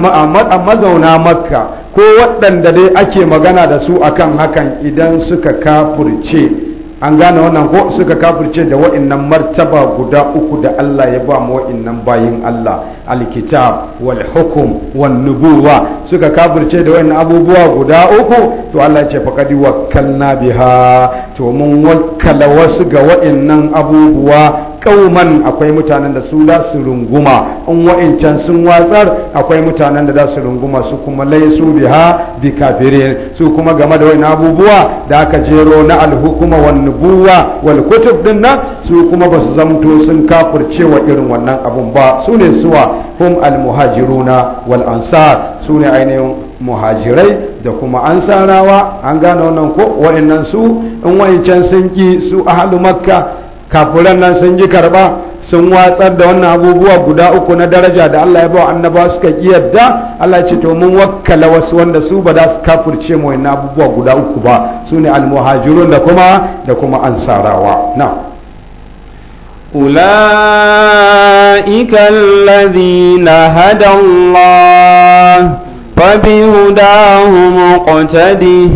mazauna makka ko waɗanda dai ake magana dasu akan hakan idan suka kafurce an gane wannan ko suka kafirce da wa'annan martaba guda uku da Allah ya ba mu wa'annan bayin Allah alkitab wal hukum wan nubuwa suka kafirce da wa'annan abubuwa guda uku to Allah ya ce faqad wakkalna biha to mun wakkala wasu ga wa'annan abubuwa kauman akwai mutanen da su za su runguma in wa'incan sun watsar akwai mutanen da za su runguma su kuma laisu biha bi kafirin su kuma game da wani abubuwa da aka jero na alhukuma wan nubuwa wal kutub din nan su kuma ba su zamto sun kafirce wa irin wannan abun ba su ne suwa hum al muhajiruna wal ansar su ne ainihin muhajirai da kuma ansarawa an gane wannan ko wa'annan su in wa'incan sun ki su ahlu makka kafuran nan sun ji karba sun watsar da wannan abubuwa guda uku na daraja da Allah ya ba annaba suka ki yadda Allah ce to mun wakkala wasu wanda su ba za su kafirce mu wannan abubuwa guda uku ba sune almuhajirun da kuma da kuma ansarawa na أولئك الذين هدى الله فبهداه مقتده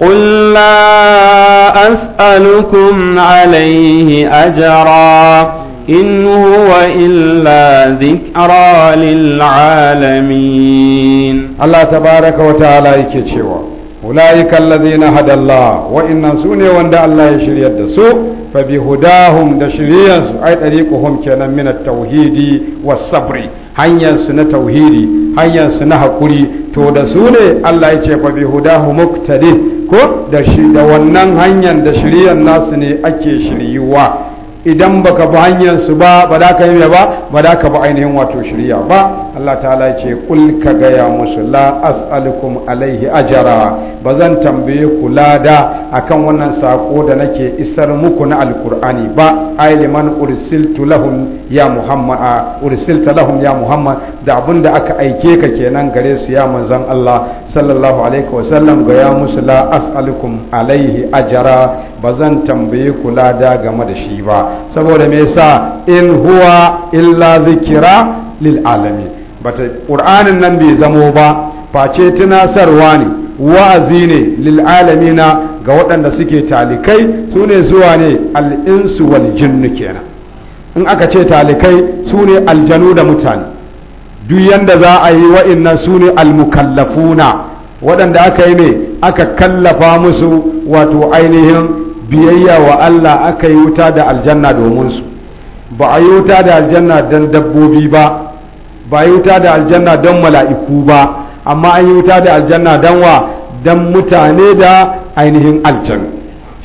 قل لا أسألكم عليه أجرا إن هو إلا ذكرى للعالمين الله تبارك وتعالى يكتشوا أولئك الذين هدى الله وإن سوني وند الله يشري الدسوء فبهداهم دشريا أي طريقهم كان من التوحيد والصبر hanyarsu na tauhidi hanyarsu na haƙuri to da su ne Allah ya ce fa bi hudahu muqtadi ko da shi da wannan hanyar da shiriyar nasu ne ake shiryuwa idan baka bi hanyar su ba ba da ka yi ba ba da ka bi ainihin wato shirya ba Allah ta'ala ce kul ka gaya musu la as'alukum alaihi ajara ba zan tambaye ku lada akan wannan sako da nake isar muku na alkur'ani ba ailiman ursiltu lahum ya muhammad a ursilta lahum ya muhammad da abun da aka aike ka kenan gare su ya manzan Allah sallallahu alaihi wasallam ga ya musu as'alukum alaihi ajara ba zan tambaye ku lada game da shi ba saboda me yasa in huwa illa zikira lil alamin bata qur'anin nan bai zamo ba face tunasarwa ne wa'azi ne lil na ga waɗanda suke talikai su ne zuwa ne al'insu wal jinnu kenan in aka ce talikai su ne aljanu da mutane duk yadda za a yi wa'innan su ne almukallafuna waɗanda aka yi ne aka kallafa musu wato ainihin biyayya wa Allah aka yi wuta da aljanna domin su ba a yi wuta da aljanna don dabbobi ba ba a yi wuta da aljanna don mala'iku ba amma an yi wuta da aljanna don wa don mutane da ainihin aljanna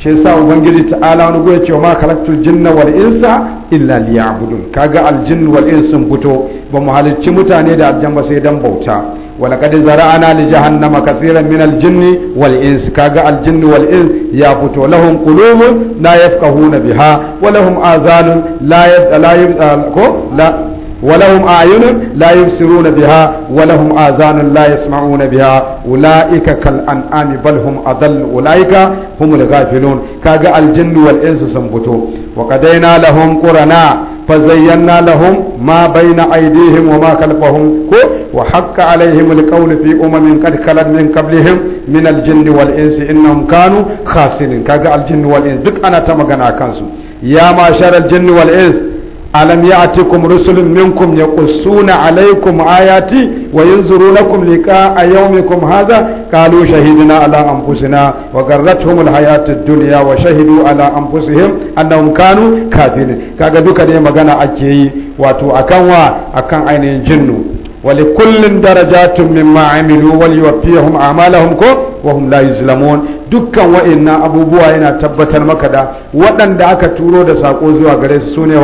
shi yasa ubangiji ta'ala wani goya cewa ma khalaqtul jinna wal insa illa liya'budun kaga aljinn wal ins sun fito ba mu halicci mutane da aljan ba sai dan bauta wala qad zara'ana li jahannama kaseeran min aljinn wal ins kaga aljinn wal ins ya fito lahum qulubun la yafqahuna biha wa lahum azanun la yafqahuna ko la ولهم أعين لا يبصرون بها ولهم آذان لا يسمعون بها أولئك كالأنعام بل هم أضل أولئك هم الغافلون كاجا الجن والإنس سنبتوا وقدينا لهم قرنا فزينا لهم ما بين أيديهم وما خلفهم وحق عليهم القول في أمم قد خلت من قبلهم من الجن والإنس إنهم كانوا خاسرين كاجا الجن والإنس دك أنا تمغنا كانسو يا معشر الجن والإنس alam ya'tikum rusulun minkum yaqussuna alaykum ayati wa yanzurunakum liqa'a yawmikum hadha qalu shahidna ala anfusina wa garratuhum alhayatu ad-dunya wa shahidu ala anfusihim annahum kanu kafirin kaga duka ne magana ake yi wato akan wa akan ainihin jinnu ولكل درجات مما عملوا وليوفيهم اعمالهم وهم لا يظلمون dukkan wa'annan abubuwa yana tabbatar maka da waɗanda aka turo da sako zuwa gare su su ne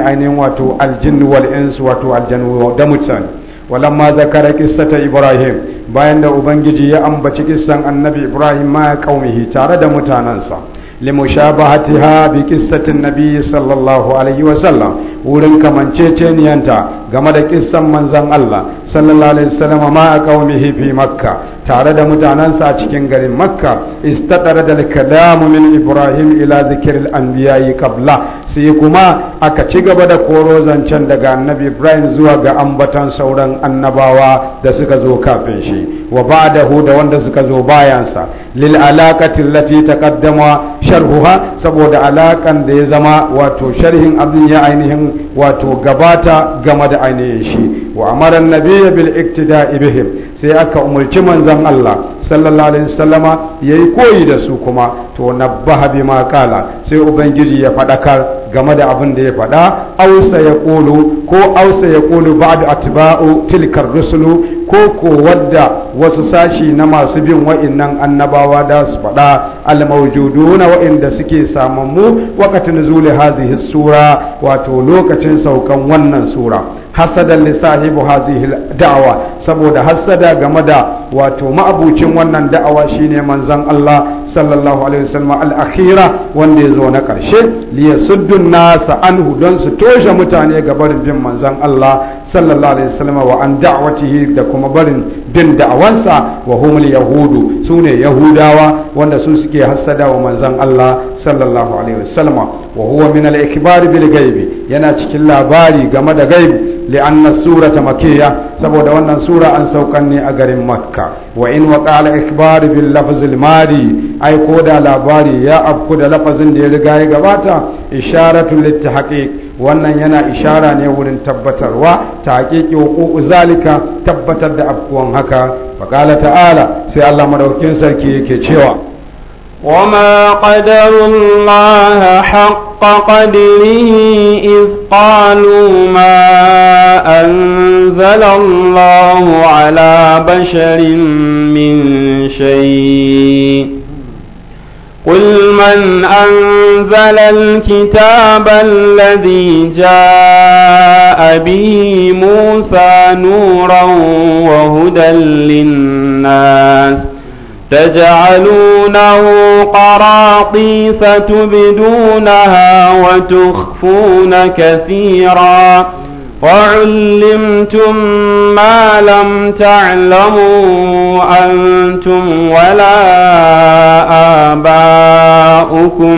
wa ainihin wato aljin wal insu wato aljanu da walan ma zakara kissata ibrahim bayan da ubangiji ya ambaci kissan annabi ibrahim ma qaumihi tare da mutanansa li mushabahatiha bi kissatin nabi sallallahu alaihi wa sallam wurin kamanceceniyanta game da kissan manzan Allah sallallahu alaihi wasallam ma a qaumihi fi makka tare da mutanansa a cikin garin makka istadara da kalamu min ibrahim ila zikr al anbiya qabla sai kuma aka ci gaba da koro zancen daga annabi ibrahim zuwa ga ambatan sauran annabawa da suka zo kafin shi wa ba da wanda suka zo bayansa lil lati ta kaddama sharhuha saboda alaƙan da ya zama wato sharhin abin ya ainihin wato gabata game da ainihin shi wa amara annabiyya bil iktida ibihim sai aka umarci manzon Allah sallallahu alaihi wasallama yayi koyi da su kuma to nabbaha bima kala sai ubangiji ya fadakar game da abin da ya faɗa ausa ya ƙulu ko ausa ya ƙulu ba da atiba'u tilkar rusulu ko ko wadda wasu sashi na masu bin wa'innan annabawa da su faɗa almaujuduna wa'inda suke samammu wakatin zule hazihi sura wato lokacin saukan wannan sura hasadan li sahibu hazihi da'awa saboda hasada game da wato ma'abucin wannan da'awa shine manzon Allah sallallahu alaihi wasallam al-akhira wanda ya zo na karshe li nasa anhu don su toshe mutane ga barin bin manzon Allah sallallahu alaihi wasallam wa an da'watihi da kuma barin bin da'awansa wa humul yahudu sune yahudawa wanda su suke hasada wa manzon Allah sallallahu alaihi wasallam wa huwa min al-ikbar bil ghaibi yana cikin labari game da gaibi makeya saboda sura لأن السورة مكية سبود وأن سورة أن سوكني أجر مكة وإن وقع الإخبار باللفظ الماضي أي كودا لاباري يا أبكودا لفظ دي لغاية غباتا إشارة للتحقيق wannan yana ishara ne wurin tabbatarwa ta haƙiƙi hukuku zalika tabbatar da afkuwan haka faƙala ta'ala sai Allah madaukin sarki yake cewa wa ma qadarullaha haqq حق قدره إذ قالوا ما أنزل الله على بشر من شيء قل من أنزل الكتاب الذي جاء به موسى نورا وهدى للناس تجعلونه قراطيس تبدونها وتخفون كثيرا وعلمتم ما لم تعلموا أنتم ولا آباؤكم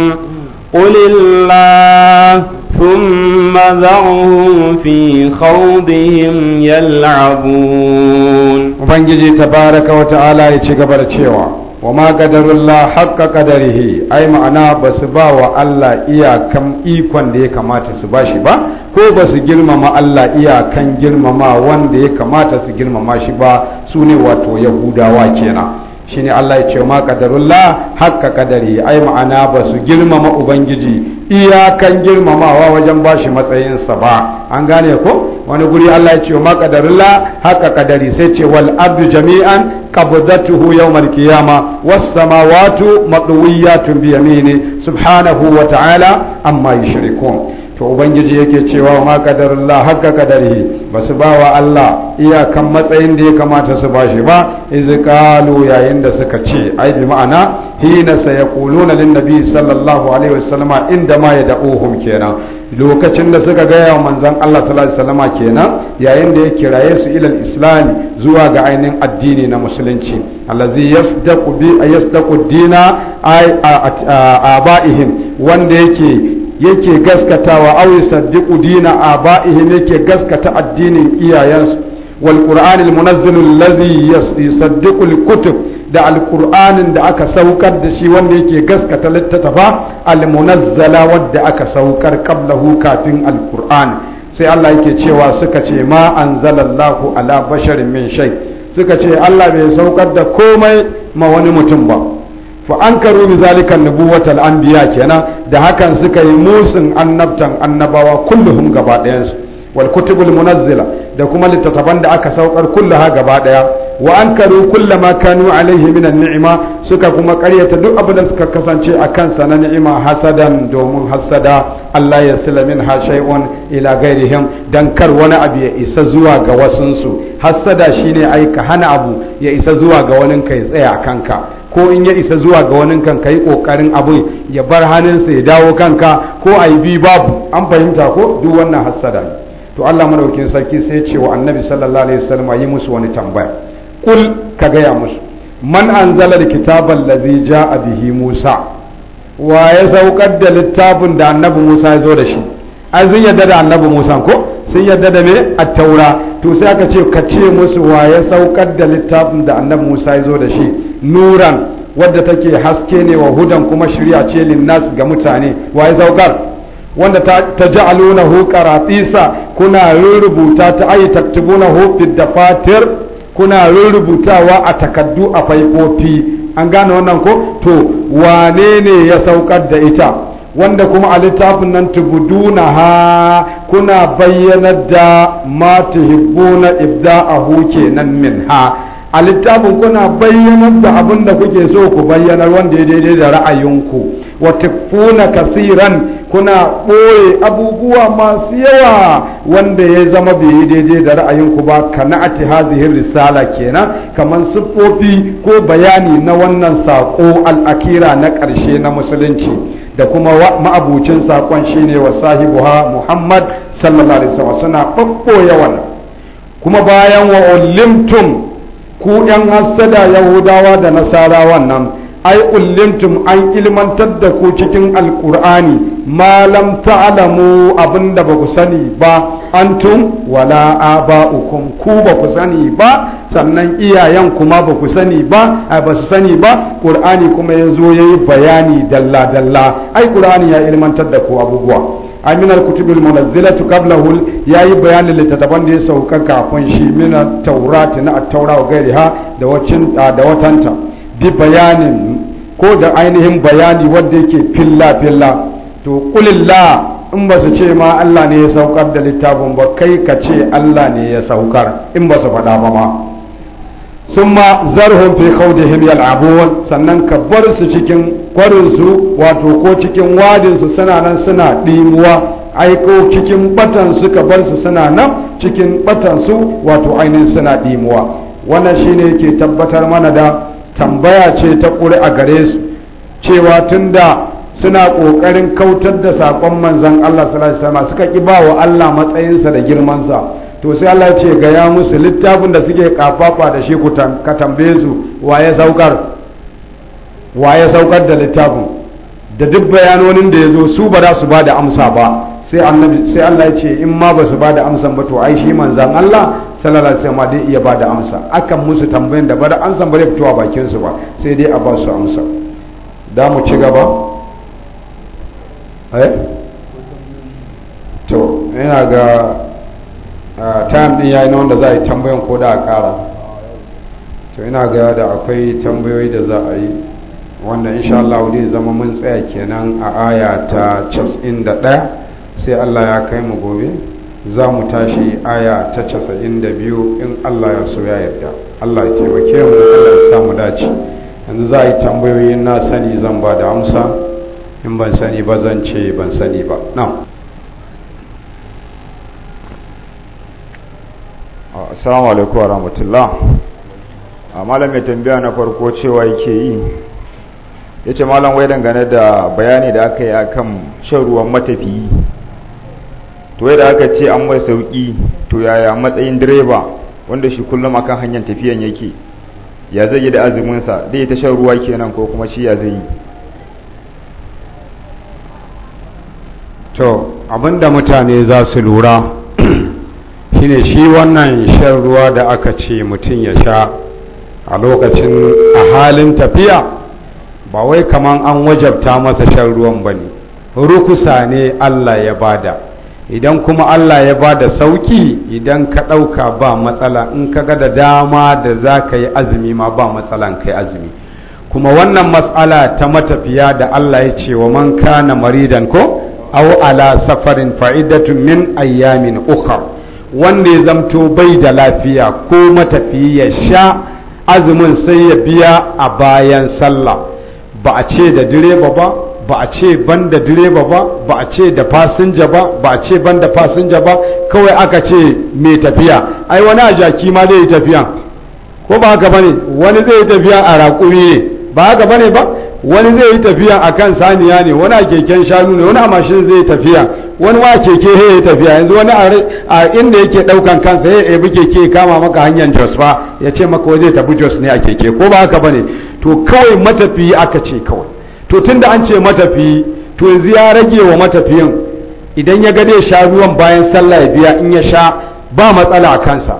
قل الله ثم ذرهم في خوضهم يلعبون وبنجي تبارك وتعالى يتشكبر تشيوا وما قدر الله حق قدره أي معنى بسبا وألا إيا كم إيقوان دي كما تسباشي با كو بس جلم ما Allah إيا كان جلم ما وان su girmama تسجلم ما شبا سوني واتو يهودا واجينا shine Allah ya ce ma qadarullah hakka qadari ai ma'ana ba su girmama ubangiji iyakan girmamawa wajen bashi matsayinsa ba an gane ko wani guri Allah ya ce ma qadarullah hakka qadari sai ce wal abdu jami'an قبضته يوم القيامة والسماوات مطويات بيمينه سبحانه وتعالى أما يشركون to ubangiji yake cewa ma kadari ba su basu bawa Allah iyakan matsayin da ya kamata su ba shi ba izqalu yayin da suka ce ai bi ma'ana hina sayaquluna lin nabi sallallahu alaihi wasallama inda ma ya yad'uhum kenan lokacin da suka gaya wa manzon Allah sallallahu alaihi wasallama kenan yayin da ya kiraye su ilal islami zuwa ga ainihin addini na musulunci allazi yasdaqu bi yasdaqu dina ai abaihim wanda yake yake gaskatawa aw yusaddiqu dina aba'ihim yake gaskata addinin iyayensu wal qur'an al munazzal alladhi yusaddiqu al kutub da alqur'anin da aka saukar da shi wanda yake gaskata littattafa al munazzala wadda aka saukar qablahu kafin al qur'an sai Allah yake cewa suka ce ma anzalallahu ala basharin min shay suka ce Allah bai saukar da komai ma wani mutum ba fa ankaru bi zalika nubuwatal biya kenan da hakan suka yi musun annabtan annabawa kulluhum gaba ɗayan wal kutubul munazzila da kuma littattafan da aka saukar kullaha gaba ɗaya wa ankaru kullama kanu alaihi ni'ima suka kuma karyata duk abin da suka kasance a kansa na ni'ima hasadan domin hasada Allah ya sila min ha shay'un ila ghairihim dan kar wani abu ya isa zuwa ga wasunsu hasada shine aika ka hana abu ya isa zuwa ga wani kai tsaya kanka ko in ya isa zuwa ga wani kan kai kokarin abin ya bar hannunsa ya dawo kanka ko a yi bi babu an fahimta ko duk wannan hassada ne to Allah madaukin sarki sai ce wa annabi sallallahu alaihi wasallam yi musu wani tambaya kul ka gaya musu man anzala alkitaba allazi jaa bihi Musa wa ya saukar da littafin da annabi Musa ya zo da shi an sun yadda da annabi Musa ko sun yadda da me at-taura to sai aka ce ka ce musu wa ya saukar da littafin da annabi Musa ya zo da shi nuran wadda take haske ne wa hudan kuma shirya ce linnas ga mutane waye zaugar wanda ta hu qaratisa kuna rubuta ta ay hu fi dafatir kuna rubutawa a takaddu a faifofi an gane wannan ko to wane ne ya saukar da ita wanda kuma a littafin nan tubuduna ha kuna bayyanar da matihibuna ibda'ahu kenan min ha a littafin kuna bayyanar da abin da kuke so ku bayyana wanda ya daidai da ra'ayinku wata kuna kasiran kuna ɓoye abubuwa masu yawa wanda ya zama bai yi daidai da ra'ayinku ba ka a tihazihin risala kenan kamar siffofi ko bayani na wannan saƙo al'akira na ƙarshe na musulunci da kuma ma'abucin saƙon shi ne wa sahibuha muhammad sallallahu alaihi wasallam suna ɓaɓɓo yawan kuma bayan wa olimtum ku yan hassada yahudawa da nasara wannan ai ullimtum an ilmantar da ku cikin alkur'ani malam ta'lamu abinda ba ku sani ba antum wala aba'ukum ku ba ku sani ba sannan iyayen kuma ba ku sani ba ai ba su sani ba qur'ani kuma ya zo ya yi bayani dalla dalla ai qur'ani ya ilmantar da ku abubuwa amina kutubin munazzila munazzilatu qablahu yayi bayanin littattafan da ya sauka kafin shi mina taurati na at-taura wa gairiha da wacin da watanta bi bayanin ko da ainihin bayani wanda yake filla filla to qulillah in ba su ce ma Allah ne ya saukar da littafin ba kai ka ce Allah ne ya saukar in ba su faɗa ba ma summa zarhum fi khawdihim yal'abun sannan ka bar su cikin kwarin su wato ko cikin wadin su suna nan suna dimuwa aiko cikin batan su ka bar su suna nan cikin batan su wato ainihin suna dimuwa wannan shine yake tabbatar mana da tambaya ce ta ƙuri a gare su cewa tunda suna ƙoƙarin kautar da saƙon manzon Allah sallallahu alaihi wasallam suka kibawa bawa Allah matsayinsa da girmansa to sai Allah ce ga ya musu littafin da suke kafafa da shi ka tambaye su waye saukar waye saukar da littafin da duk bayanonin da ya zo su ba za su ba da amsa ba sai annabi sai Allah ya ce in ma ba su ba da amsan ba to ai shi manzan Allah sallallahu alaihi wasallam dai iya ba da amsa akan musu tambayen da ba da amsan ba zai fitowa bakin su ba sai dai a ba su amsa da mu ci gaba eh to ina ga Ah, tayan din yayi na wanda za a yi tambayan ko da a ƙara to ina ga da akwai tambayoyi da za a yi wanda insha Allah wani zama mun tsaya kenan a aya ta ɗaya sai Allah ya kai mu gobe za mu tashi aya ta biyu in Allah ya so ya yarda Allah ya taimake mu Allah ya samu dace yanzu za a yi tambayoyin na sani zan ba da amsa in ban sani ba zan ce ban sani ba na'am assalamu alaikum wa rahmatullah a malam mai tambaya na farko cewa yake yi ya ce malam wai dangane da bayani da aka yi a kan shan ruwan matafiyi to yadda aka ce an mai sauƙi to yaya matsayin direba wanda shi kullum akan hanyar tafiyan yake ya zai yi da azuminsa zai ta shan ruwa kenan ko kuma shi ya zai yi to abinda mutane za su lura shine shi wannan shan ruwa da aka ce mutum ya sha a lokacin a halin tafiya ba wai kaman an wajabta masa shan ruwan ba ne rukusa ne Allah ya bada idan kuma Allah ya bada sauki idan ka ɗauka ba matsala in ka ga da dama da za ka yi azumi ma ba matsalan kai azumi kuma wannan matsala ta matafiya da Allah ya ce wa man kana maridan ko au ala safarin fa'idatu min ayyamin ukhra wanda ya zamto bai da lafiya ko matafiya sha azumin sai ya biya a bayan sallah ba a ce da direba ba ba a ce ban da direba ba ba a ce da fasinja ba ba a ce ban da fasinja ba kawai aka ce mai tafiya ai wani a jaki ma zai yi tafiya ko ba haka bane wani zai yi tafiya a raƙumi ne ba haka bane ba wani zai yi tafiya a kan saniya ne wani a keken shanu ne wani a mashin zai yi tafiya wani wa keke he ya tafiya yanzu wani a inda yake daukan kansa ya ebi keke kama maka hanyar jos ba ya ce maka waje tafi jos ne a keke ko ba haka bane to kawai matafiyi aka ce kawai to tunda an ce matafiyi to yanzu ya rage wa matafiyin idan ya gade sha ruwan bayan sallah ya biya in ya sha ba matsala a kansa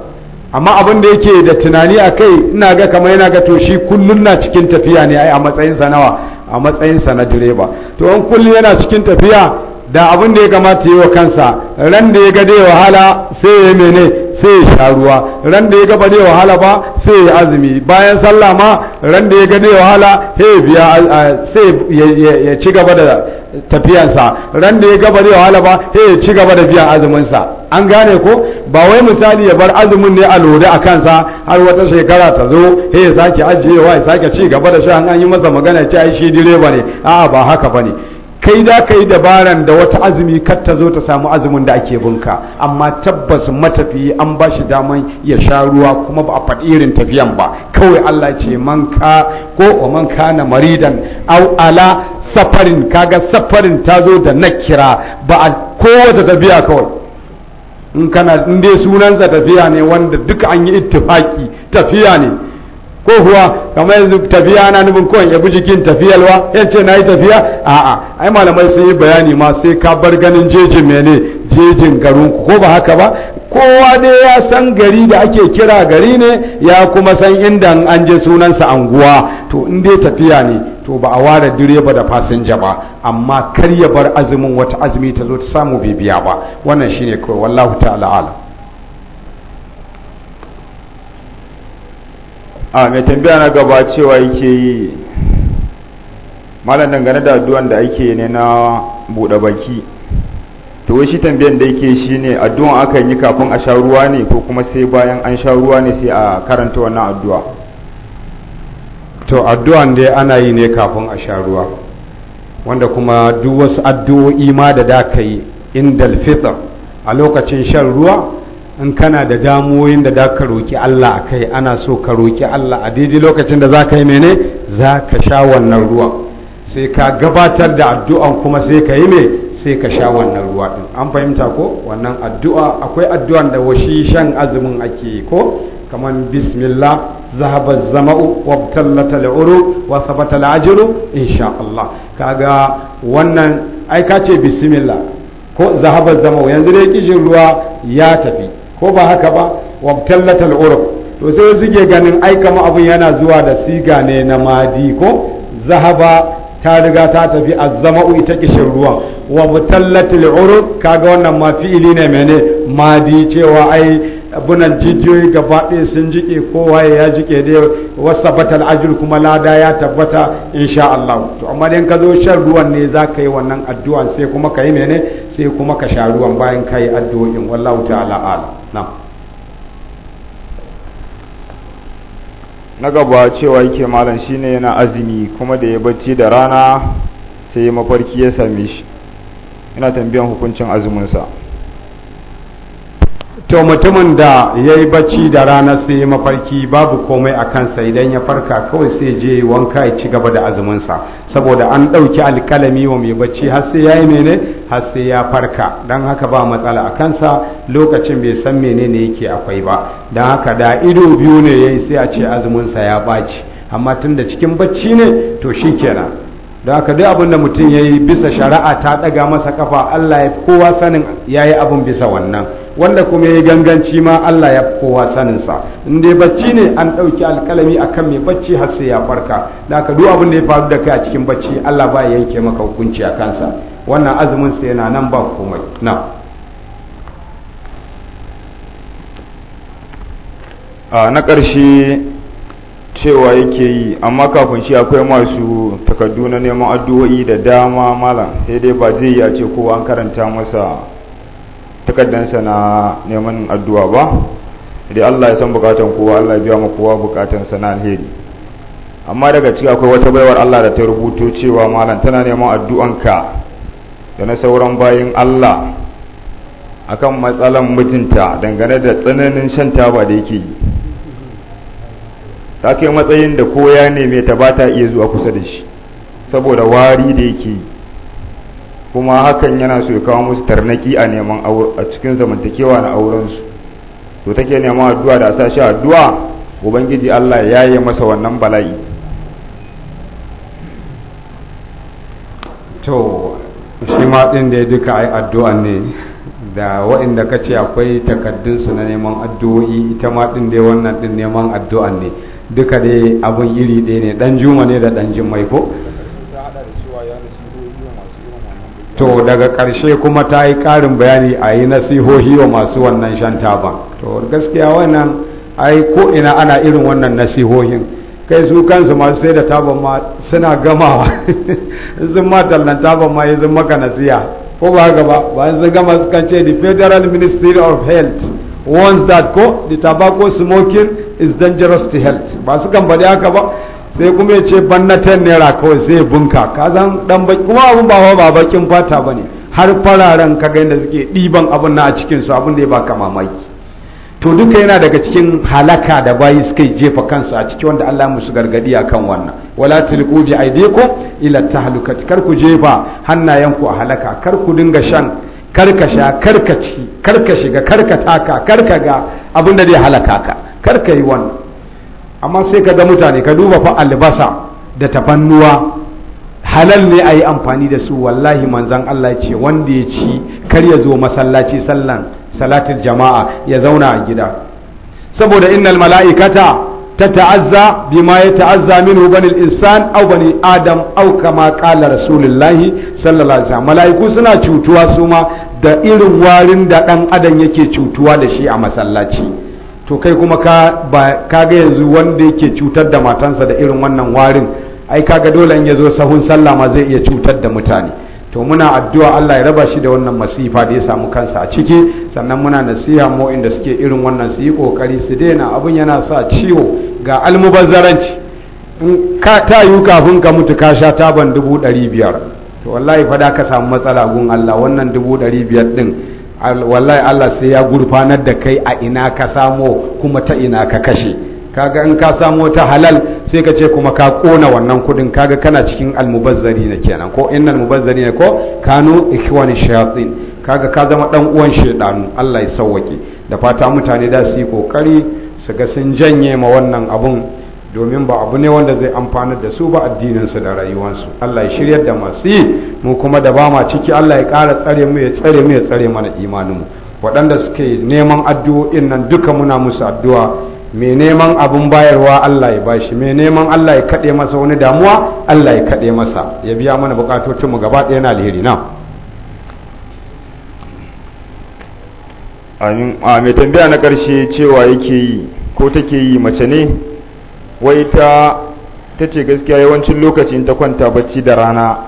amma abin da yake da tunani a kai ina ga kamar yana ga to shi kullun na cikin tafiya ne a matsayinsa nawa a matsayinsa na direba to in kulli yana cikin tafiya da abin da ya kamata yi wa kansa ran da ya ga dai wahala sai ya mene sai ya sha ruwa ran da ya ga ba dai wahala ba sai ya azumi bayan sallah ma ran da ya ga dai wahala sai ya sai ya ci gaba da tafiyansa ran da ya ga ba dai wahala ba sai ya ci gaba da biyan sa an gane ko ba wai misali ya bar azumin ne a lode a kansa har wata shekara ta zo sai ya sake ajiyewa ya sake ci gaba da shi an yi masa magana ce ai shi direba ne a'a ba haka bane kai za ka yi dabaran da wata azumi kar ta zo ta samu azumin da ake bunka amma tabbas matafiyi an ba shi daman ya sha ruwa kuma ba a faɗi irin tafiyan ba kawai Allah ce man ka ko wa man kana maridan au ala safarin kaga safarin ta zo da nakira ba a kowace tafiya kawai in kana in dai sunansa tafiya ne wanda duka an yi ittifaki tafiya ne ko kuwa kamar yanzu tafiya na nufin kowane ya yabi jikin tafiyalwa yan ce na yi tafiya a'a ai malamai sun yi bayani ma sai ka bar ganin jejin mene jejin garin ko ba haka ba kowa dai ya san gari da ake kira gari ne ya kuma san inda an je sunansa anguwa to in dai tafiya ne to ba a ware direba da fasinja ba amma kar ya bar azumin wata azumi ta zo ta samu bibiya ba wannan shine kawai wallahu ta'ala alam a mai tambaya na gaba cewa yake yi malam dangane da addu'an da ake ne na buɗe baki to wai shi tambayan da yake shi ne addu'an aka yi kafin a sha ruwa ne ko kuma sai bayan an sha ruwa ne sai a karanta wannan addu'a to addu'an dai ana yi ne kafin a sha ruwa wanda kuma duk wasu addu'o'i ma da da ka yi indal fitr a lokacin shan ruwa in kana da damuwoyin da za ka roƙi Allah a kai ana so ka roƙi Allah a daidai lokacin da za ka yi mene za ka sha wannan ruwan sai ka gabatar da addu'an kuma sai ka yi me sai ka sha wannan ruwa ɗin an fahimta ko wannan addu'a akwai addu'an da washi shan azumin ake yi ko kamar bismillah zahaba zama'u wa tallata la'uru wa sabata al'ajiru insha Allah kaga wannan aika ka ce bismillah ko zahaba zama'u yanzu dai kishin ruwa ya tafi ko ba haka ba wabtallatal urub to sai suke ganin ai kama abun yana zuwa da siga ne na madi ko zahaba ta riga ta tafi azzama'u ita kishin ruwan wabtallatal urub kaga wannan ma fi'ili ne mene madi cewa ai bunan jijiyoyi gaba ɗaya sun jike kowa ya jike dai wasa batal ajir kuma lada ya tabbata insha Allah to amma dai ka zo shan ruwan ne za ka yi wannan addu'an sai kuma ka yi mene sai kuma ka sha ruwan bayan ka yi addu'o'in wallahu ta'ala alam nan na gaba cewa yake malam shine yana azumi kuma da ya bacci da rana sai mafarki ya same shi yana tambayan hukuncin azuminsa to mutumin da ya yi bacci da rana sai mafarki babu komai a kansa idan ya farka kawai sai je wanka ya ci gaba da azuminsa saboda an ɗauki alkalami wa mai bacci har sai ya yi mene har sai ya farka don haka ba matsala a kansa lokacin bai san menene yake akwai ba don haka da ido biyu ne ya yi sai a ce azuminsa ya ɓaci amma tun da cikin bacci ne to shi kenan da aka dai abin da mutum ya yi bisa shari'a ta ɗaga masa kafa Allah ya kowa sanin ya yi abin bisa wannan wanda kuma ya ganganci ma Allah ya kowa saninsa in dai bacci ne an ɗauki alkalami a kan mai bacci har sai ya farka da aka duk abin da ya faru da kai a cikin bacci Allah ba ya yanke maka hukunci a kansa wannan azumin sa yana nan ba komai na na ƙarshe cewa yake yi amma kafin shi akwai masu takardu na neman addu'o'i da dama malam sai dai ba zai ya ce ko an karanta masa takaddansa na neman addu'a ba dai Allah ya san bukatan kowa Allah ya biya mu kowa bukatan sa na alheri amma daga cikin akwai wata baiwar Allah da ta rubuto cewa malam tana neman addu'an ka da na sauran bayin Allah akan matsalan mijinta dangane da tsananin shan taba da yake yi ta kai matsayin da ko ya neme ta ba ta iya zuwa kusa da shi saboda wari da yake kuma hakan yana so ya kawo musu tarnaki a neman a cikin zamantakewa na aurensu to take neman addu'a da sa shi addu'a ubangiji Allah ya yi masa wannan bala'i to shi ma ɗin da ya duka ai addu'a ne da waɗanda ka ce akwai takaddunsu na neman addu'o'i ita ma ɗin da wannan ɗin neman addu'a ne duka dai abin iri ɗaya ne ɗan juma ne da ɗan jimmai ko to daga ƙarshe kuma ta yi ƙarin bayani a yi nasihohi wa masu wannan shan taban to gaskiya wannan ai ko ina ana irin wannan nasihohin kai su kansu masu sai da taban ma suna gamawa sun ma tallan taban ma yanzu maka nasiya ko ba haka ba bayan sun gama su ce the federal ministry of health warns that ko the tobacco smoking is dangerous to health ba su kan haka ba sai kuma ya ce ban na ten naira kawai sai bunka ka zan dan baki kuma abun ba ba bakin fata bane har fararen ka kaga yadda suke ɗiban abun na a cikin su abun da ya baka mamaki to duka yana daga cikin halaka da bayi suka jefa kansu a ciki wanda Allah musu gargadi a kan wannan wala tilqu bi aydikum ila tahlukati kar ku jefa ku a halaka kar ku dinga shan karkasha karkaci karka shiga karka taka karka ga da zai halaka ka kar ka yi wani amma sai ka ga mutane ka duba fa albasa da tafannuwa halal ne a yi amfani da su wallahi manzan Allah ce wanda ya ci kar ya zo masallaci sallan salatin jama'a ya zauna a gida saboda innal mala'ikata ta ta'azza bima ya ta'azza min bani insan au bani adam au kama qala rasulullahi sallallahu alaihi wasallam mala'iku suna cutuwa su ma da irin warin da dan adam yake cutuwa da shi a masallaci to kai kuma ka ga yanzu wanda yake cutar da matansa da irin wannan warin ai kaga dole in zo sahun sallah ma zai iya cutar da mutane to muna addu'a Allah ya raba shi da wannan masifa da ya samu kansa a ciki sannan muna nasiha mu inda suke irin wannan su yi kokari su daina abun yana sa ciwo ga almubazzaranci in ka ta yi kafin ka mutu ka sha taban dubu ɗari biyar to wallahi fa da ka samu matsala gun Allah wannan dubu ɗari biyar ɗin wallahi Allah sai ya gurfanar da kai a ina ka samo kuma ta ina ka kashe kaga in ka samo ta halal sai ka ce kuma ka kona wannan kudin kaga kana cikin almubazzari ne kenan ko innal almubazzari ne ko kanu Ikhwan shayatin kaga ka zama dan uwan shedanu Allah ya sauwake da fata mutane da su yi kokari su ga sun janye ma wannan abun domin ba abu ne wanda zai amfanar da su ba addininsu da rayuwarsu Allah ya shiryar da masu yi mu kuma da ba ma ciki Allah ya kara tsare mu ya tsare mu ya tsare mana imaninmu waɗanda suke neman addu'o'in nan duka muna musu addu'a mai neman abin bayarwa Allah ya bashi mai neman Allah ya kaɗe masa wani damuwa Allah ya kaɗe masa ya biya mana buƙatocinmu gaba ɗaya na alheri na a ah, mai tambaya na ƙarshe cewa yake yi ko take yi mace ne wai ta ta ce gaskiya yawancin lokacin ta kwanta bacci da rana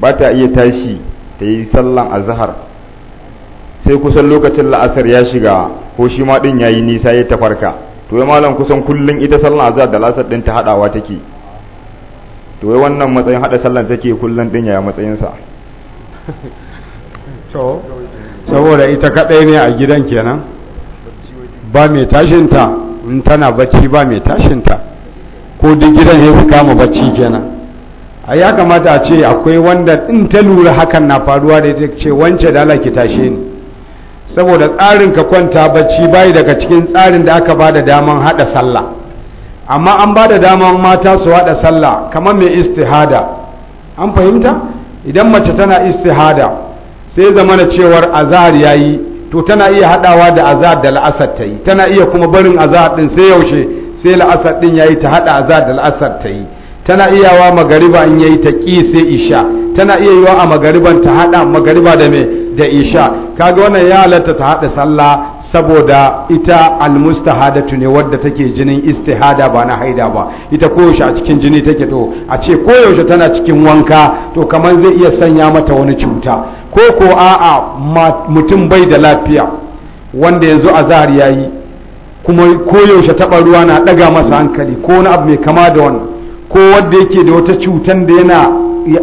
ba ta iya tashi ta yi sallan azhar sai kusan lokacin la'asar ya shiga ko shi ma din yayi nisa ya tafarka to ya malam kusan kullun ita sallan azhar da la'asar din ta hadawa take to wai wannan matsayin hada sallan take kullun din ya matsayin sa to saboda ita kadai ne a gidan kenan ba mai tashinta in tana bacci ba mai tashinta ko duk gidan ya su kama bacci kenan a ya kamata a ce akwai wanda in ta lura hakan na faruwa da ita ce wance da ala ki tashe ni saboda tsarin ka kwanta bacci bai daga cikin tsarin da aka bada daman hada sallah amma an bada daman mata su hada sallah kamar mai istihada an fahimta idan mace tana istihada sai zamana cewar azhar yayi to tana iya hadawa da azhar da la'asar ta yi tana iya kuma barin azhar din sai yaushe sai la'asar din yi ta hada za da la'asar ta yi tana iyawa magariba in ya yi ta ƙi sai isha tana iya yiwa a magariban ta hada magariba da mai da isha kaga wannan ya halatta ta haɗa sallah saboda ita almustahadatu ne wadda take jinin istihada ba na haida ba ita koyaushe a cikin jini take to a ce koyaushe tana cikin wanka to kamar zai iya sanya mata wani cuta ko ko a'a mutum bai da lafiya wanda yanzu azhar yayi kuma koyaushe taɓa ruwa na ɗaga masa hankali ko wani abu mai kama da wannan ko wanda yake da wata cutan da yana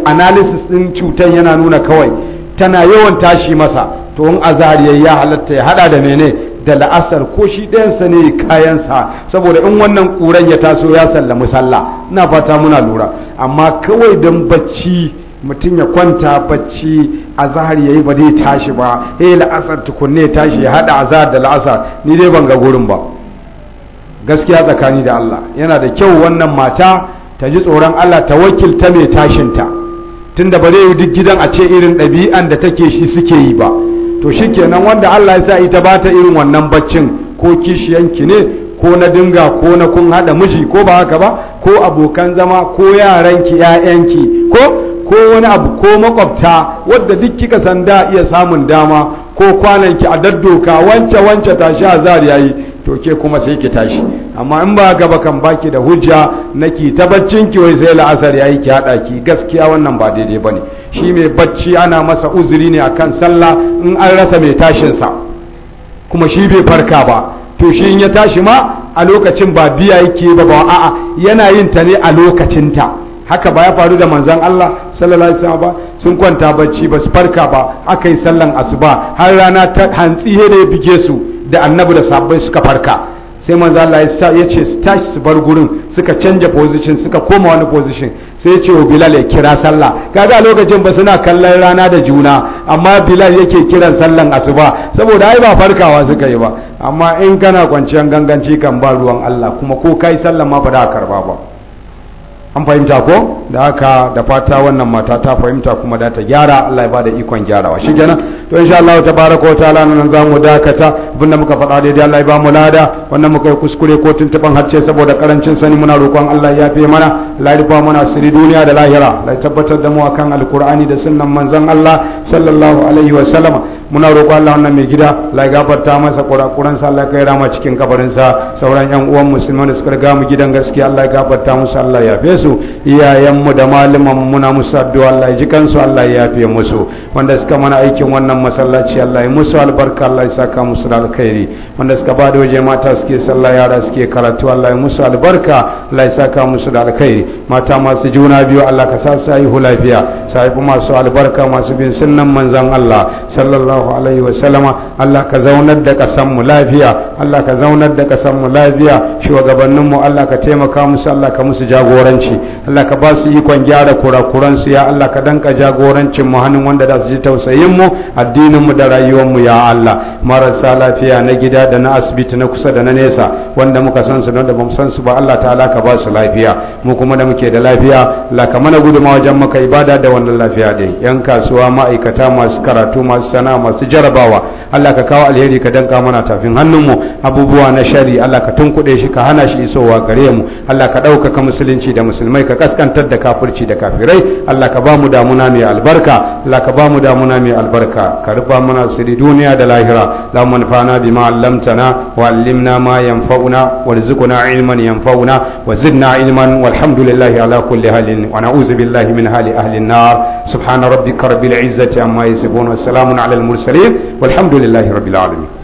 analysis ɗin cutan yana nuna kawai tana yawan tashi masa to in azariyar ya halatta ya haɗa da mene da la'asar ko shi ɗayansa ne kayansa saboda in wannan ƙuran ya taso ya sallami sallah ina fata muna lura amma kawai don bacci mutum ya kwanta bacci a zahar ya yi ba zai tashi ba he la'asar tukunne tashi ya haɗa azahar da la'asar ni dai ban ga gurin ba gaskiya tsakani da Allah yana da kyau wannan mata ta ji tsoron Allah ta wakilta mai tashinta tunda ba zai yi duk gidan a ce irin ɗabi'an da take shi suke yi ba to shi kenan wanda Allah ya sa ita ba ta irin wannan baccin ko kishiyanki ne ko na dinga ko na kun haɗa miji ko ba haka ba ko abokan zama ko yaranki 'ya'yanki ko ko wani abu ko makwabta wadda duk kika san da iya samun dama ko kwananki a daddoka wance wance tashi a zari yayi to ke kuma sai ki tashi amma in ba gaba kan baki da hujja naki ta baccin ki wai sai la'asar yayi ki hada ki gaskiya wannan ba daidai bane shi mai bacci ana masa uzuri ne akan sallah in an rasa mai tashin sa kuma shi bai farka ba to shi in ya tashi ma a lokacin ba biya yake ba ba a'a yana yin ta ne a lokacinta haka ba ya faru da manzon Allah sallallahu alaihi wasallam sun kwanta bacci ba su farka ba aka yi sallan asuba har rana ta hantsi da ya bige su da annabi da sahabbai suka farka sai manzo Allah ya ce su tashi su bar gurin suka canja position suka koma wani position sai ya ce wa Bilal ya kira sallah kaga a lokacin ba suna kallon rana da juna amma Bilal yake kiran sallan asuba saboda ai ba farkawa suka yi ba amma in kana kwanciyar ganganci kan ba ruwan Allah kuma ko kai sallan ma ba da karba ba an fahimta ko da aka da fata wannan mata ta fahimta kuma da ta gyara Allah ya bada ikon gyarawa shi kenan to insha Allah baraka wa ta'ala nan za mu dakata abinda muka faɗa daidai Allah ya ba mu lada wannan muka yi kuskure ko tuntuban harce saboda karancin sani muna roƙon Allah ya fi mana Allah ya rufa mana asiri duniya da lahira Allah ya tabbatar da mu akan alkur'ani da sunnan manzon Allah sallallahu alaihi wa sallama muna roƙo Allah wannan mai gida la gafarta masa kurakuran sa Allah kai rama cikin kabarin sa sauran yan uwan musulmai da suka ga mu gidan gaskiya Allah ya gafarta musu Allah ya yafe su iyayen mu da malaman muna musu addu'a Allah ya ji kansu Allah ya yafe musu wanda suka mana aikin wannan masallaci Allah ya musu albarka Allah ya saka musu da alkhairi wanda suka ba da waje mata suke sallah yara suke karatu Allah ya musu albarka Allah ya saka musu da alkhairi mata masu juna biyu Allah ka sa su yi lafiya sai masu albarka masu bin sunnan manzon Allah sallallahu sallallahu alaihi wa Allah ka zaunar da kasan mu lafiya Allah ka zaunar da kasan mu lafiya shugabannin Allah ka taimaka musu Allah ka musu jagoranci Allah ka ba su ikon gyara kurakuran su ya Allah ka danka jagorancin mu hannun wanda za su ji tausayin mu addinin mu da rayuwar ya Allah marasa lafiya na gida da na asibiti na kusa da na nesa wanda muka san su da bamu san su ba Allah ta'ala ka ba su lafiya mu kuma da muke da lafiya allah ka mana guduma wajen maka ibada da wannan lafiya dai yan kasuwa ma'aikata masu karatu masu sana'a masu jarabawa Allah ka kawo alheri ka danka mana tafin hannunmu abubuwa na shari Allah ka tunkuɗe shi ka hana shi isowa gare mu Allah ka ɗaukaka musulunci da musulmai ka kaskantar da kafirci da kafirai Allah ka ba mu damuna mai albarka Allah ka ba mu damuna mai albarka ka rufa mana siri duniya da lahira la manfa'na bima 'allamtana wa 'allimna ma yanfa'una warzuqna ilman yanfa'una wa zidna ilman walhamdulillahi ala kulli halin wa na'udzu billahi min hali ahli an-nar subhana rabbika rabbil 'izzati amma yasifun wa salamun 'alal mursalin الشريف والحمد لله رب العالمين